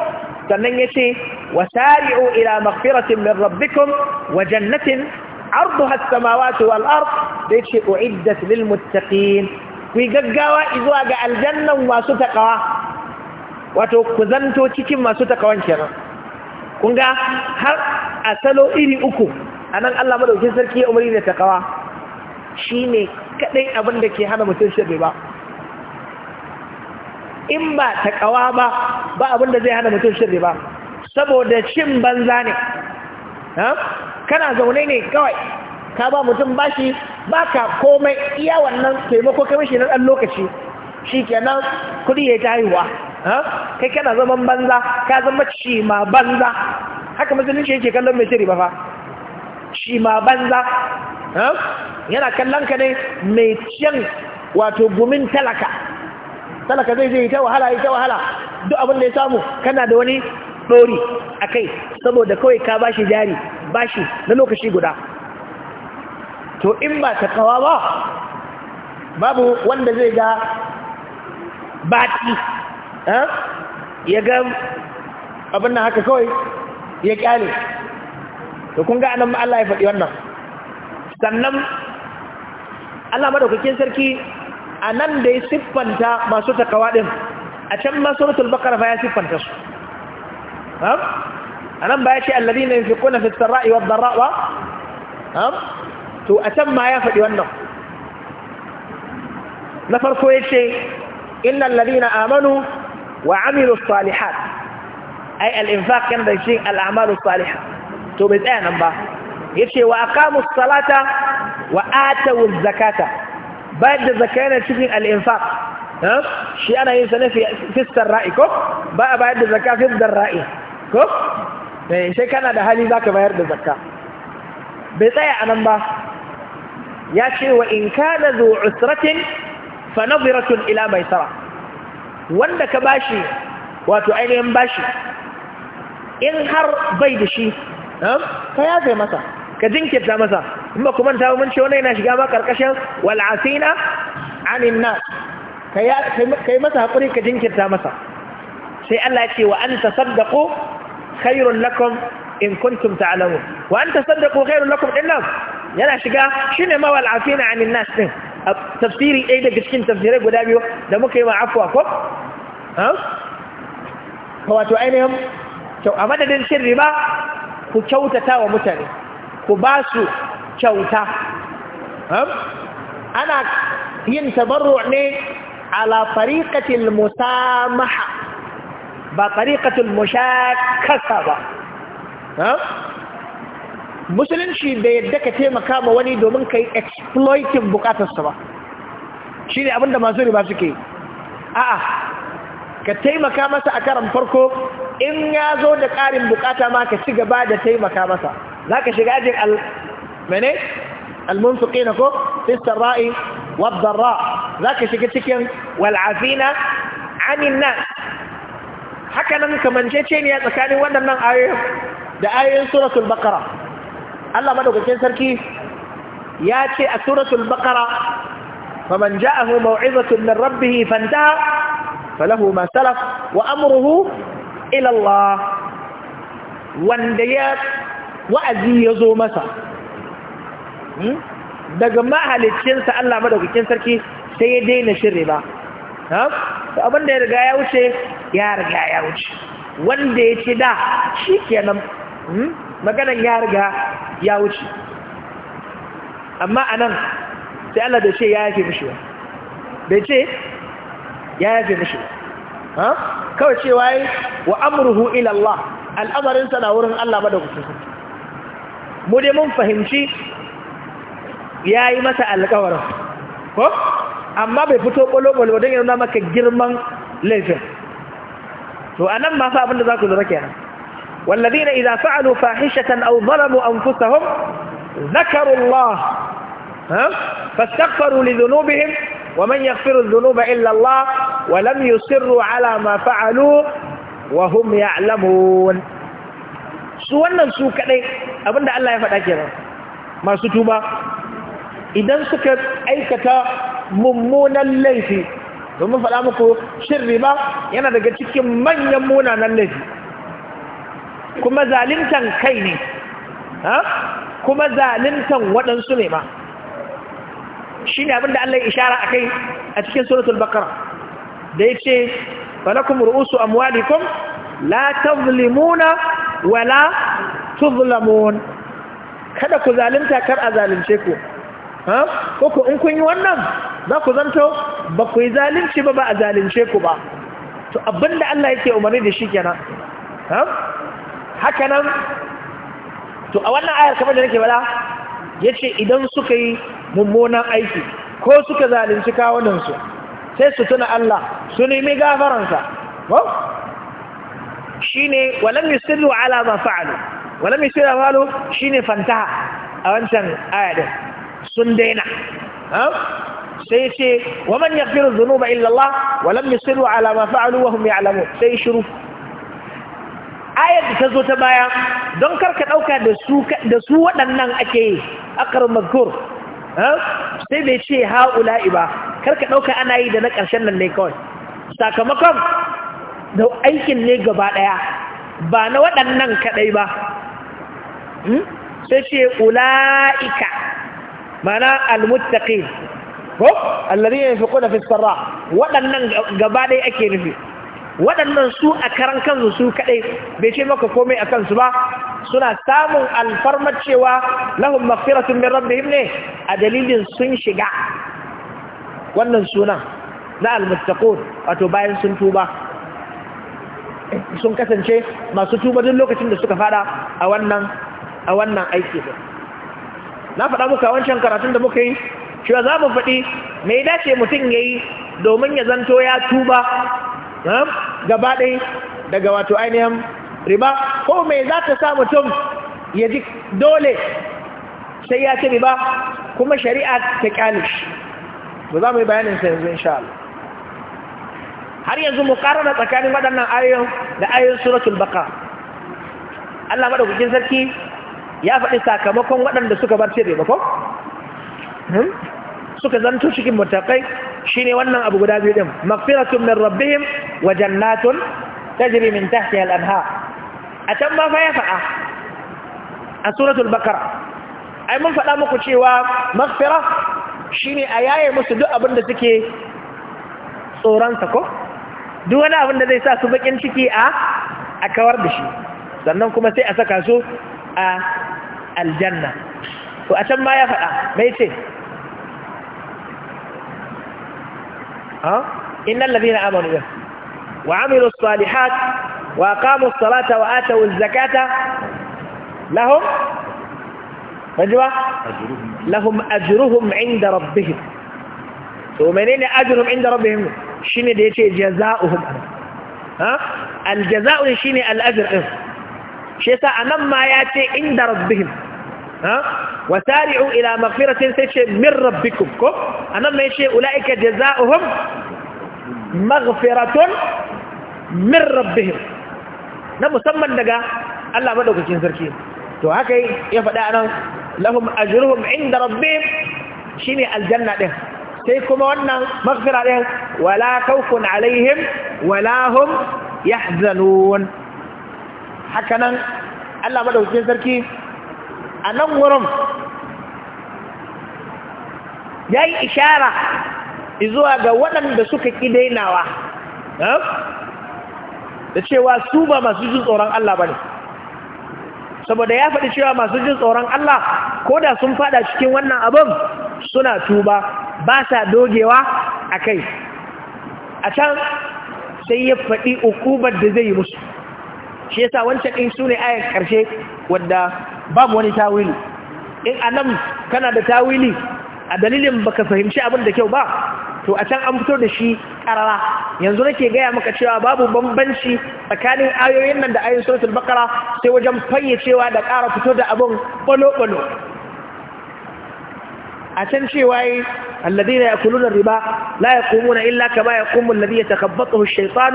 تنيتي وسارعوا الى مغفرة من ربكم وجنة عرضها السماوات والارض تشي اعدت للمتقين ku yi gaggawa zuwa ga aljannan masu takawa wato ku zanto cikin masu takawan kenan kun ga har a salo iri uku a nan Allah madaukin sarki ya umarni da takawa shi ne kaɗai abin da ke hana mutum shirme ba in ba takawa ba ba abin da zai hana mutum shirme ba saboda cin banza ne kana zaune ne kawai ka ba mutum bashi baka komai iya wannan taimako ka mashi na ɗan lokaci shi kenan kuɗi ya ta haihuwa kai kana zaman banza ka zama cima banza haka musulunci yake kallon mai ba fa cima banza yana kallon ka ne mai cin wato gumin talaka talaka zai zai ta wahala ya ta wahala duk abin da ya samu kana da wani ɗori a kai saboda kawai ka bashi jari bashi na lokaci guda to in ba ta kawa ba babu wanda zai ga baki ya ga abin nan haka kawai ya kyale to kun ga anan Allah ya faɗi wannan sannan Allah madaukakin sarki anan da ya siffanta masu takawa ɗin a can masuratul bakar fa ya siffanta su a nan ba ya ce na yin fi kuna fitar ra'iwar da ra'wa to a can ma ya faɗi wannan na farko ya ce inna lalina amanu wa amilu salihat ai al'infaq yan da shi al'amalu salihat to bai tsaya nan ba ya ce wa aqamu salata wa atawu zakata bayar da zakayar cikin al'infaq eh? shi ana yin sa ne fistar ra'i ko ba a bayar da zaka fistar ra'i ko eh, sai kana da hali za ka bayar da zakka bai tsaya a nan ba ya ce wa in kana zu usratin fa nadhiratun mai maisara wanda ka bashi wato ainihin bashi in har bai da shi ka yafe masa ka jinkirta masa in ba kuma ta mun ce wani yana shiga ba karkashin wal'asina anin nas ka yi masa haƙuri ka jinkirta masa sai Allah ya ce wa an ta tasaddaqu khairun lakum in kuntum alamu. wa an ta tasaddaqu khairun lakum din nan yana shiga shine ma wal afina anin nas A tafsirin ɗaya daga cikin tafsirai guda biyu da muka yi ma ko ha wato ainihin a madadin sirri ba, ku kyautata wa mutane ku ba su kyauta ana yin tabarru ne ala fariƙatil musamaha ba fariqatul mushakasa ba musulunci bai yadda ka taimaka ma wani domin ka yi exploiting bukatarsa ba shi ne abinda masu riba suke a'a ka taimaka masa a karan farko in ya zo da ƙarin bukata ma ka ci gaba da taimaka masa za ka shiga ajin al-mene al-munsuki na ko fistar ra'i wadda ra za ka shiga cikin wal'afina anin nan haka nan ne a tsakanin waɗannan ayoyin da ayoyin suratul bakara Allah madaukakin sarki ya ce a suratul baqara faman ja'ahu maw'izatun min rabbih fantaha falahu ma salaf wa amruhu ila Allah wanda ya wa'azi ya zo masa hmm? daga mahalicinsa Allah madaukakin sarki sai ya daina shirri ba abin da ya riga ya wuce ya riga ya wuce wanda ya ce da shi kenan hmm? maganan ya riga ya wuce amma a nan sai Allah da ce ya yafe mishi ba ce ya yafe mishi ba kawai ce wai wa amurhu ilallah al'amarinsa na wurin Allah ba da kusurku mu dai mun fahimci ya yi masa alkawarin ko amma bai fito kwallo-kwallo don yana maka girman laifin to a nan masu abinda za ku kenan والذين إذا فعلوا فاحشة أو ظلموا أنفسهم ذكروا الله ها؟ فاستغفروا لذنوبهم ومن يغفر الذنوب إلا الله ولم يصروا على ما فعلوا وهم يعلمون سوانا سو كذي أبن الله يفعل كذا ما سجوبا إذا سكت أي كتا ممونا الليفي ثم فلامكو شربا ينا تكي من يمونا الليفي kuma zalimtan kai ne kuma zalimtan waɗansu ne ma shi ne abinda Allah ya ishara a kai a cikin suratul bakara da ya ce falakum ru'usu amwalikum la tazlimuna wala tuzlamun kada ku zalimta kar a zalimce ku ko ku in kun yi wannan za ku zanto ba ku yi zalunci ba ba a zalunce ku ba to abinda Allah yake umarni da shi kenan hakanan to a wannan ayar kamar da nake bala ce idan suka yi mummunan aiki ko suka zalunci kawunansu sai su tuna Allah su nemi gafaransa shine walam yusirru ala ma fa'alu walam yusirru shi ne fantaha a wancan ayar sun daina sai ce wa man yaghfiru dhunuba illa Allah walam yusirru ala ma fa'alu wa hum ya'lamun sai shiru ayar da ta zo ta baya don karka ɗauka da su waɗannan ake yi akar sai bai ce ha'ula'i ba karka ɗauka ana yi da na ƙarshen nan ne kawai sakamakon da aikin ne gaba ɗaya ba na waɗannan kaɗai ba hmm? sai ce ula'ika mana almuttaqin ko allazina yunfiquna fis sarra waɗannan gaba ɗaya ake nufi waɗannan su a karan kansu su kaɗai bai ce maka komai a kansu ba suna samun alfarmar cewa lahun maghfiratun mai rabbi ne a dalilin sun shiga wannan sunan na almuttaqun wato bayan sun tuba sun kasance masu tuba duk lokacin da suka fada a wannan a wannan aiki din na faɗa muka wancan karatun da muka yi cewa za mu faɗi mai dace mutum ya yi domin ya zanto ya tuba gaba ɗai daga wato ainihin riba ko mai za ta sa mutum ya ji dole sai ya ce riba kuma shari'a ta kyalish ba za mu yi bayanin sa yanzu insha har yanzu mu karana tsakanin waɗannan ayoyin da ayoyin suratul baka Allah madaukakin sarki ya faɗi sakamakon waɗanda suka bar ci riba ko hmm? suka zanto cikin mutakai shine wannan abu guda biyu din maghfiratun min rabbihim wa jannatun tajri min tahtiha al anha. a can ma fa ya fa'a a suratul baqara ai mun faɗa muku cewa maghfira shine a yaye musu duk abin da suke tsoronsa ko duk wani abin da zai sa su bakin ciki a a kawar da shi sannan kuma sai a saka su a aljanna Ko a can ma ya faɗa mai ce ها إن الذين آمنوا وعملوا الصالحات وأقاموا الصلاة وآتوا الزكاة لهم أجوة لهم أجرهم عند ربهم ومنين أجرهم عند ربهم شيني ديتي شيء جزاؤهم ها الجزاء شيني الأجر شيسا أنما يأتي عند ربهم وسارعوا إلى مغفرة سيشي من ربكم كو ما يشي أولئك جزاؤهم مغفرة من ربهم na musamman daga Allah madaukakin sarki to haka ya faɗa nan lahum ajruhum inda rabbi shine aljanna din sai kuma wannan maghfira din wala khawfun alaihim wala hum yahzanun haka nan Allah sarki a nan wurin ya yi ishara zuwa ga waɗanda suka ƙi dainawa eh? da cewa su ba masu jin tsoron Allah ba ne saboda ya faɗi cewa masu jin tsoron Allah ko da sun faɗa cikin wannan abin suna tuba ba sa dogewa a kai a can sai ya faɗi ukubar da zai yi musu shi yasa wancan ɗin su ne karshe ƙarshe wadda babu wani tawili in anan kana da tawili a dalilin baka fahimci abin da kyau ba to a can an fito da shi ƙarara yanzu nake gaya maka cewa babu bambanci tsakanin ayoyin nan da ayin suratul baqara sai wajen fayyacewa da ƙara fito da abin balo-balo a can cewa yi alladina ya kulunan riba la ya kumuna illa kama ya kumun ladina ta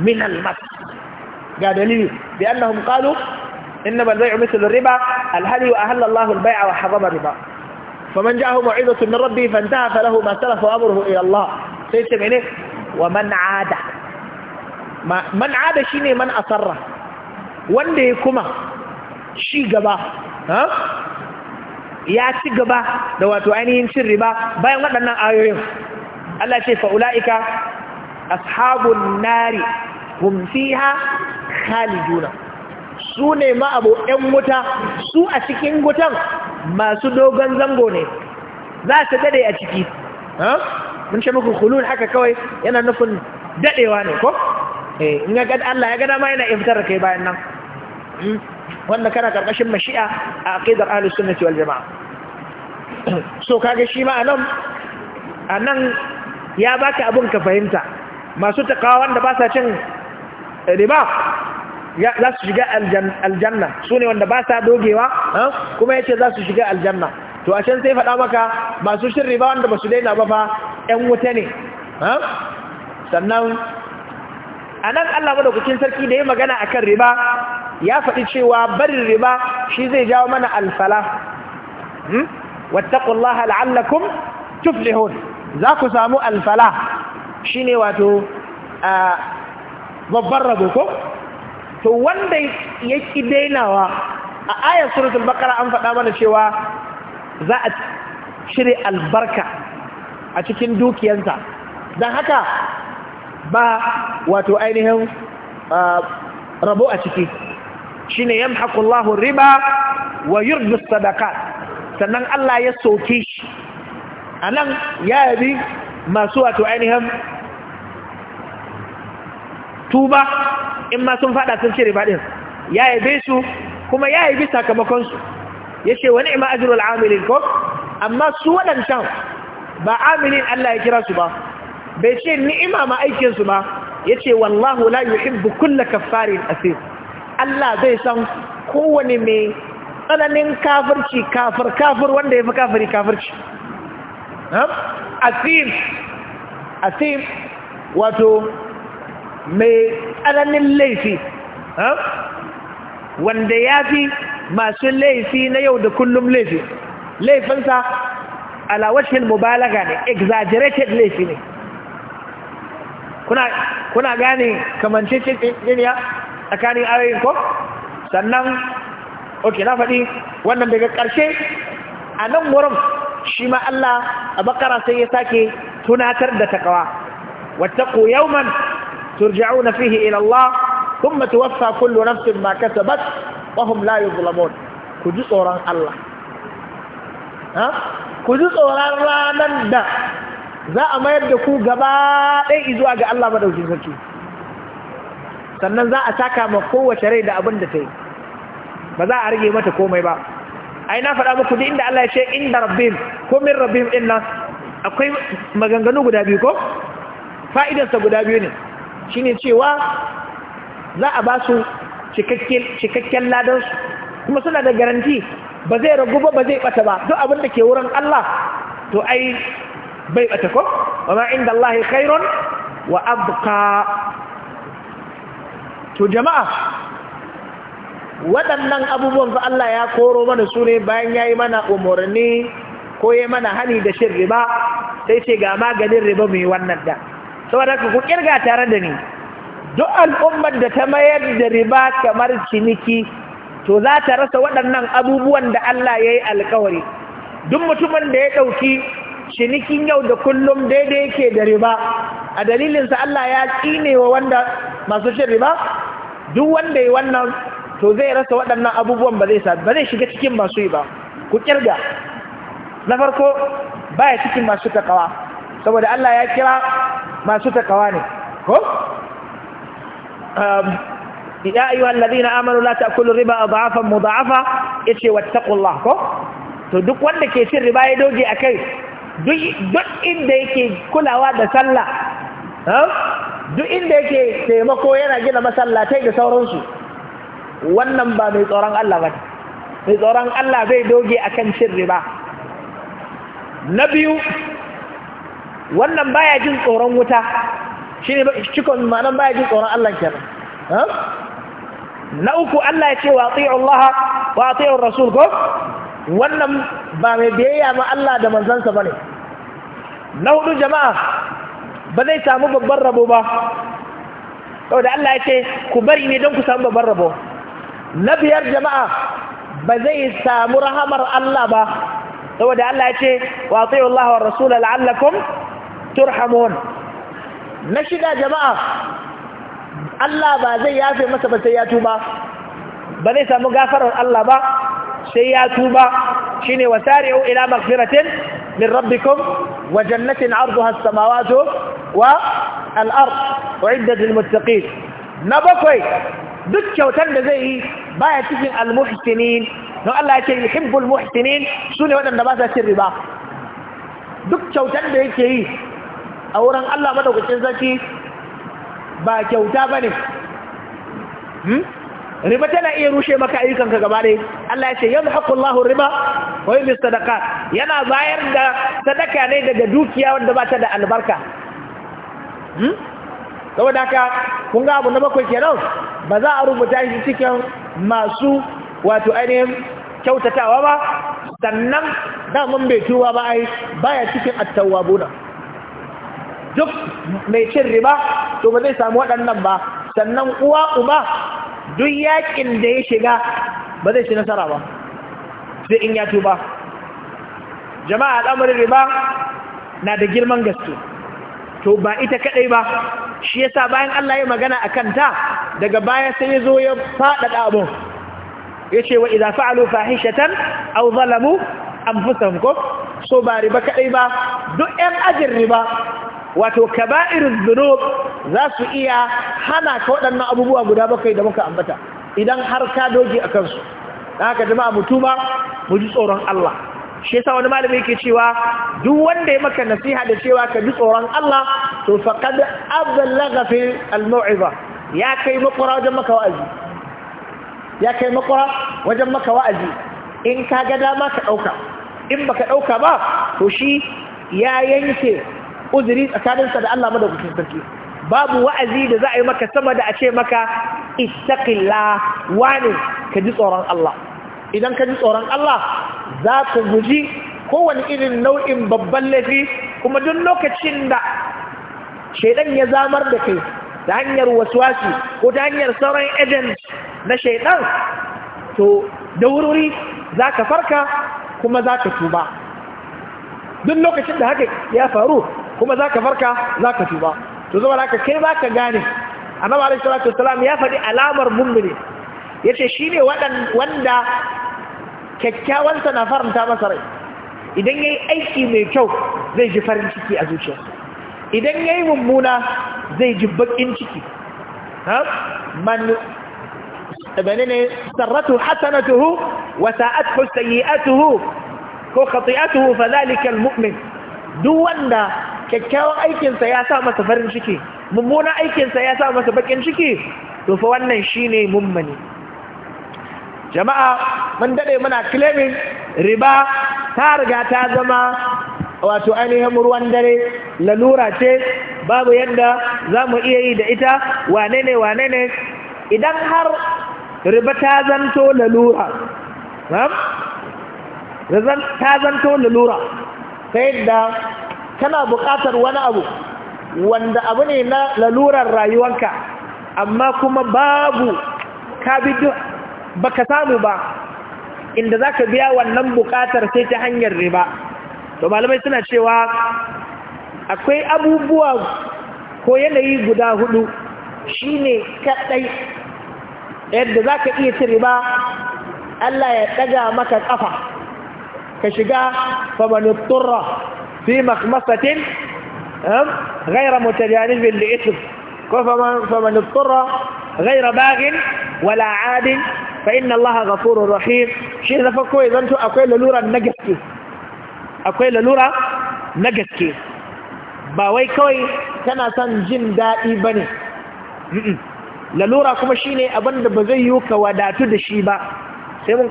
min almas ga dalili bi annahum qalu innama al-bay'u mithlu ar-riba al-hadi wa ahalla Allahu al-bay'a wa harrama riba faman ja'ahu maw'izatun min rabbih fantaha falahu ma salafa wa amruhu ila Allah sai ce mene wa man 'ada man 'ada shine man asarra wanda ya kuma shi gaba ha ya ci gaba da wato ainihin cin riba bayan waɗannan ayoyin Allah ce fa'ula'ika ashabun nari hum fiha juna su ne ma abu ‘yan wuta su a cikin wutan masu dogon zango ne za su dade a ciki mun ce muku hulun haka kawai yana nufin dadewa ne ko? Eh, in ga gada Allah ya gada ma yana iftar kai bayan nan hmm? wanda kana karkashin mashi'a a aqidar ahlus sunnati wal jamaa so kage shi ma anan anan ya baka abun ka fahimta masu takawa wanda ba sa cin riba za su shiga aljanna su ne wanda ba sa dogewa kuma yace za su shiga aljanna to a can sai faɗa maka masu shirri ba wanda ba su daina ba ba ‘yan wuta ne sannan a nan Allah madaukakin sarki da ya magana a kan riba ya faɗi cewa barin riba shi zai jawo mana alfala hmm? wattakullaha la'allakum tuflihun za ku samu alfala shi ne wato babban rabo ko to wanda ya ƙi dainawa a ayar suratul bakara an faɗa mana cewa za a cire albarka a cikin dukiyansa don haka ba wato ainihin rabo a ciki shi ne yan haƙullahun riba wa yurdus sadaka sannan Allah ya soke shi a nan ya yabi masu wato ainihin tuba in ma sun fada sun ce riba ya yabe su kuma ya yabi sakamakon su yace wa ni'ma ajrul amilin ko amma su waɗancan ba amilin Allah ya kira su ba bai ce ni'ima ma aikinsu ba. ba yace wallahu la yuhibbu kulla kaffarin Allah zai san kowane mai tsananin kafirci kafir kafir wanda ya fi kafiri kafirci asir asir wato mai tsananin laifi wanda ya fi masu laifi na yau da kullum laifi laifinsa alawashin mubalaga ne exaggerated laifi ne kuna gane kamancin jiniya tsakanin ayoyin ko sannan ok na faɗi wannan daga ƙarshe a nan wurin shi ma Allah a bakara sai ya sake tunatar da takawa wata ko yauman ترجعون فيه إلى الله ثم توفى كل نفس ما كسبت وهم لا يظلمون كجي صوران الله ها كجي صوران رانان دا za a mayar da ku gaba ɗaya zuwa ga Allah madaukin sarki sannan za a saka ma kowace rai da abin da ta yi ba za a rage mata komai ba ai na faɗa muku duk inda Allah ya ce inda rabbim ko min rabbim din nan akwai maganganu guda biyu ko fa'idarsa guda biyu ne ne cewa za a ba su cikakken ladansu kuma suna da garanti ba zai ragu ba ba zai bata ba duk abinda ke wurin Allah to ai bai bata ko wa ma inda Allah khairun wa abqa to jama'a waɗannan abubuwan fa Allah ya koro mana su ne bayan yi mana umarni ko yi mana hani da shin riba sai ce ga maganin riba mai wannan da saboda ku kirga tare da ni duk al'ummar da ta mayar da riba kamar ciniki to za ta rasa waɗannan abubuwan da Allah ya yi alkawari duk mutumin da ya ɗauki cinikin yau da kullum daidai yake da riba a dalilinsa Allah ya tsine wa wanda masu shi riba duk wanda ya wannan to zai rasa waɗannan abubuwan ba zai ba zai shiga cikin masu yi ba ku kirga na farko baya cikin masu takawa saboda Allah ya kira masu takawa ne ko um, ya ayyuha alladhina amanu la ta'kulu riba a mu ya ce yace wattaqullah ko to duk wanda ke cin riba ya doge kai duk inda yake kulawa da sallah duk inda yake taimako yana gina masallatai da sauransu wannan ba mai tsoron Allah ba mai tsoron Allah zai doge akan cin riba na biyu wannan baya jin tsoron wuta shi ne cikon ma'anan baya jin tsoron Allah kenan na uku Allah ya ce wa ati'u Allah Rasul ko wannan ba mai biyayya ma Allah da manzansa bane na hudu jama'a ba zai samu babban rabo ba saboda Allah ya ce ku bari ne don ku samu babban rabo na biyar jama'a ba zai samu rahamar Allah ba saboda Allah ya ce wa ati'u Allah wa Rasul la'allakum turhamun na shida jama'a Allah ba zai yafe masa ba sai ya tuba ba zai samu gafarar Allah ba sai ya tuba shine wasari'u ila maghfiratin min rabbikum wa jannatin 'arduha as-samawati wa al-ard uiddat lil muttaqin na bakwai duk kyautar da zai yi baya cikin al-muhsinin don Allah yake yuhibbul muhsinin sune waɗanda ba sa cin riba duk kyautar da yake yi a wurin Allah madaukakin sarki ba kyauta bane hmm? riba tana iya rushe maka ayyukanka gaba ne Allah ya ce yanzu lahun riba wa yi sadaka yana bayar da sadaka ne daga dukiya wanda ba ta da albarka hmm? saboda haka kun ga abu na bakwai kenan ba za a rubuta shi cikin masu wato ainihin kyautatawa ba sannan daman bai tuwa ba ai baya cikin buna duk mai cin riba to ba zai samu waɗannan ba sannan uwa uba duk yakin da ya shiga ba zai ci nasara ba sai in ya tuba jama'a al'amarin riba na da girman gaske to ba ita kadai ba shi yasa bayan Allah ya magana akan ta daga baya sai ya zo ya faɗaɗa ya ce wa idza fa'alu fahishatan aw zalamu anfusahum ko so ba riba kadai ba duk yan ajin riba wato kaba'irin zunub za su iya hana ka waɗannan abubuwa guda bakwai da muka ambata idan har ka doge a kansu da haka jama'a mutu ba mu ji tsoron Allah shi yasa wani malami yake cewa duk wanda ya maka nasiha da cewa ka ji tsoron Allah to faqad ablagha fi al-mau'iza ya kai makura wajen maka wa'azi ya kai makura wajen maka wa'azi in ka ga dama ka dauka in baka dauka ba to shi ya yanke uzuri tsakaninsa da Allah madaukakin sarki babu wa'azi da za a yi maka sama da a ce maka ittaqillah wani ka ji tsoron Allah idan ka ji tsoron Allah za ka guji kowane irin nau'in babban laifi kuma duk lokacin da shaidan ya zamar da kai ta hanyar waswasi ko ta hanyar sauran agent na shaidan to da wuri za ka farka kuma za ka tuba duk lokacin da haka ya faru kuma za ka farka za ka tuba to zama da kai za ka gane annabi alaihi salatu wasalam ya faɗi alamar mummuni ya ce shi ne wanda kyakkyawansa na faranta masa rai idan ya yi aiki mai kyau zai ji farin ciki a zuciya idan ya yi mummuna zai ji baƙin ciki man bane ne sarratu hasanatuhu wa sa'atuhu sayyi'atuhu ko khati'atuhu fadhalika almu'min duk wanda kyakkyawan aikinsa ya sa masa farin ciki mummunan aikinsa ya sa masa bakin ciki to fa wannan shine mummani. jama'a mun dade muna claiming riba ta riga ta zama wato ainihin ruwan dare lalura ce babu yadda za mu iya yi da ita wane ne wane ne idan har riba ta zanto lalura ta zanto lalura ta yadda kana buƙatar wani abu wanda abu ne na lalurar rayuwanka amma kuma babu ka bi ka samu ba inda za ka biya wannan buƙatar sai ta hanyar riba to malamai suna cewa akwai abubuwa ko yanayi guda hudu shine kaɗai yadda za ka iya ci riba Allah ya ɗaga maka ƙafa ka shiga fa turra في مخمصة غير متجانب لإثم فمن, فمن اضطر غير باغ ولا عاد فإن الله غفور رحيم شيء نفكو أنتو أقول لورا نجسكي أقول لورا نجسكي باوي كوي كان سنجن دائي بني lalura كما شيني abin بزيوك وداتو دشيبا سيمون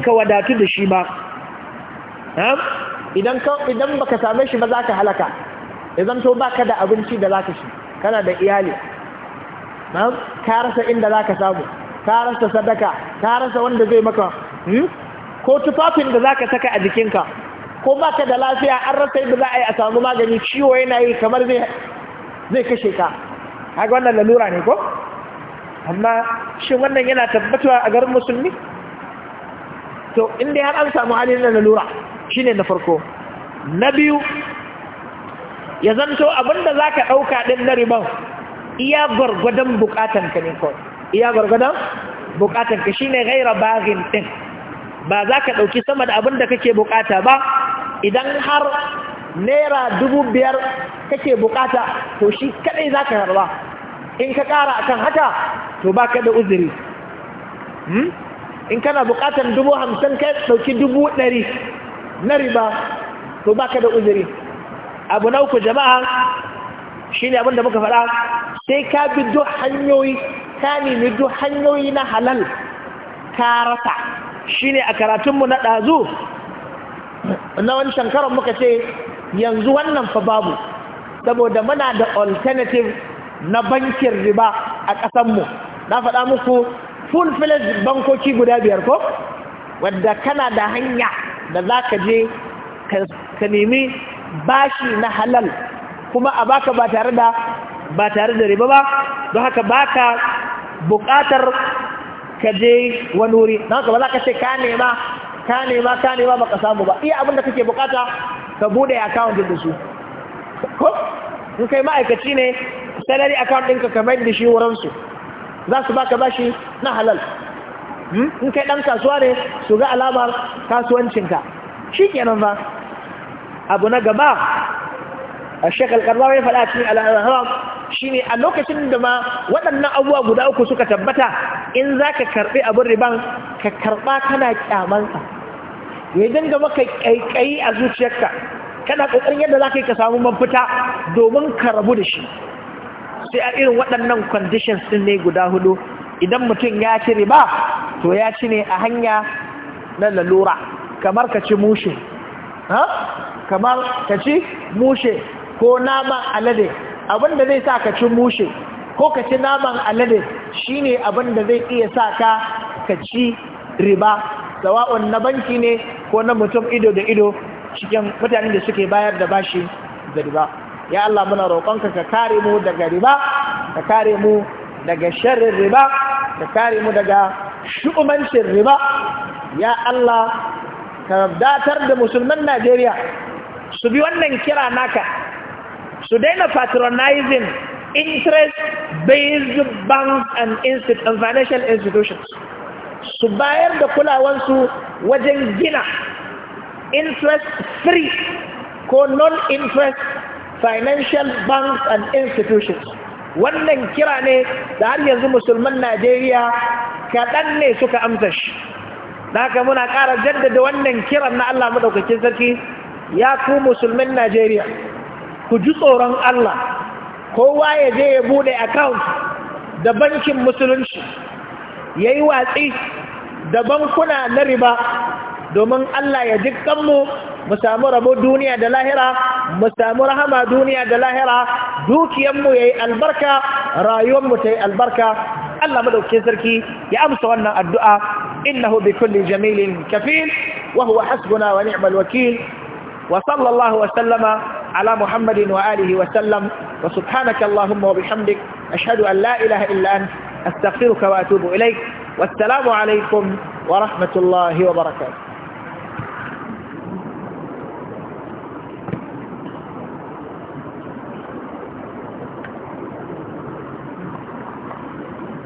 ka wadatu da shi idan ka idan baka same shi ba zaka halaka idan to baka da abinci da zaka ci kana da iyali na'am ka rasa inda zaka samu ka rasa sadaka ka rasa wanda zai maka hmm? ko tufafin da zaka saka a jikinka ko baka da lafiya an rasa yadda za a yi a samu magani ciwo yana yi kamar zai zai kashe ka haka wannan lalura ne ko amma shin wannan yana tabbatuwa a garin musulmi to inda har an samu halin lalura shine na farko na biyu ya zanto abinda za ka ɗauka ɗin na riban iya gwargwadon ka ne ko iya gwargwadon buƙatan ka shine gaira bagin ɗin ba za ka ɗauki sama da abinda kake bukata ba idan har naira dubu biyar kake bukata to shi kaɗai za ka harba in ka ƙara akan haka to ba ka da uzuri hmm? in kana bukatan dubu hamsin kai ɗauki dubu ɗari na riba to baka da uzuri abu na uku jama'a shine abinda muka faɗa sai ka bi duk hanyoyi ka nemi duk hanyoyi na halal ka shine a karatunmu na ɗazu na wani karon muka ce yanzu wannan fa babu saboda muna da alternative na bankin riba a ƙasanmu na faɗa muku full-fledged bankoki guda biyar ko wadda kana da hanya da za ka je ka nemi bashi na halal kuma a baka ba tare da ba tare da riba ba don haka baka bukatar ka je wani wuri don haka ba za ka ce ka nema ka nema ka nema baka samu ba iya abinda kake bukata ka bude account din su ko in kai ma'aikaci ne salari account ɗinka ka mai da shi wuransu. za su baka bashi na halal Hmm? in kai dan kasuwa ne su ga alamar kasuwancinka shi kenan ba abu na gaba a shekar karbar ya faɗa cikin al'adar shi ne a lokacin da ma waɗannan abubuwa guda uku suka tabbata in za ka karɓi abin riban ka karɓa kana kyamansa ya dinga maka ƙaiƙayi a zuciyarka kana ƙoƙarin yadda za ka yi ka samu manfita domin ka rabu da shi sai a irin waɗannan conditions ɗin ne guda hudu idan mutum ya ci riba to ya ci ne a hanya na lalura kamar ka ci mushe kamar ka ci mushe ko naman alade abinda zai sa ka ci mushe ko ka ci naman alade Shi shine abinda zai iya sa ka ka ci riba sawa'un na banki ne ko na mutum ido da ido cikin mutanen da suke bayar da bashi da riba ya Allah muna roƙonka ka kare mu daga riba ka kare mu daga sharrin riba ka kare mu daga shu'umancin riba ya Allah ka datar da musulman Najeriya su bi wannan kira naka su daina patronizing interest-based banks and, and financial institutions su bayar da kulawansu wajen gina interest-free ko non-interest financial banks and institutions wannan kira ne da har yanzu musulman najeriya kaɗan ne suka amsa shi haka muna ƙara jaddada wannan kiran na allah maɗaukakin sarki ya ku musulmin najeriya ku ji tsoron allah kowa ya je ya buɗe account da bankin musulunci ya yi watsi da bankuna na riba domin Allah ya jikkanmu mu samu rabo duniya da lahira mu samu rahama duniya da lahira dukiyanmu yayi albarka rayuwarmu tayi albarka Allah madaukakin sarki ya amsa wannan addu'a innahu bikulli jamilin kafil wa huwa hasbuna wa ni'mal wakil wa sallallahu wa sallama ala muhammadin wa alihi wa sallam wa subhanaka allahumma wa bihamdik ashhadu an la ilaha illa anta astaghfiruka wa atubu والسلام عليكم ورحمة الله وبركاته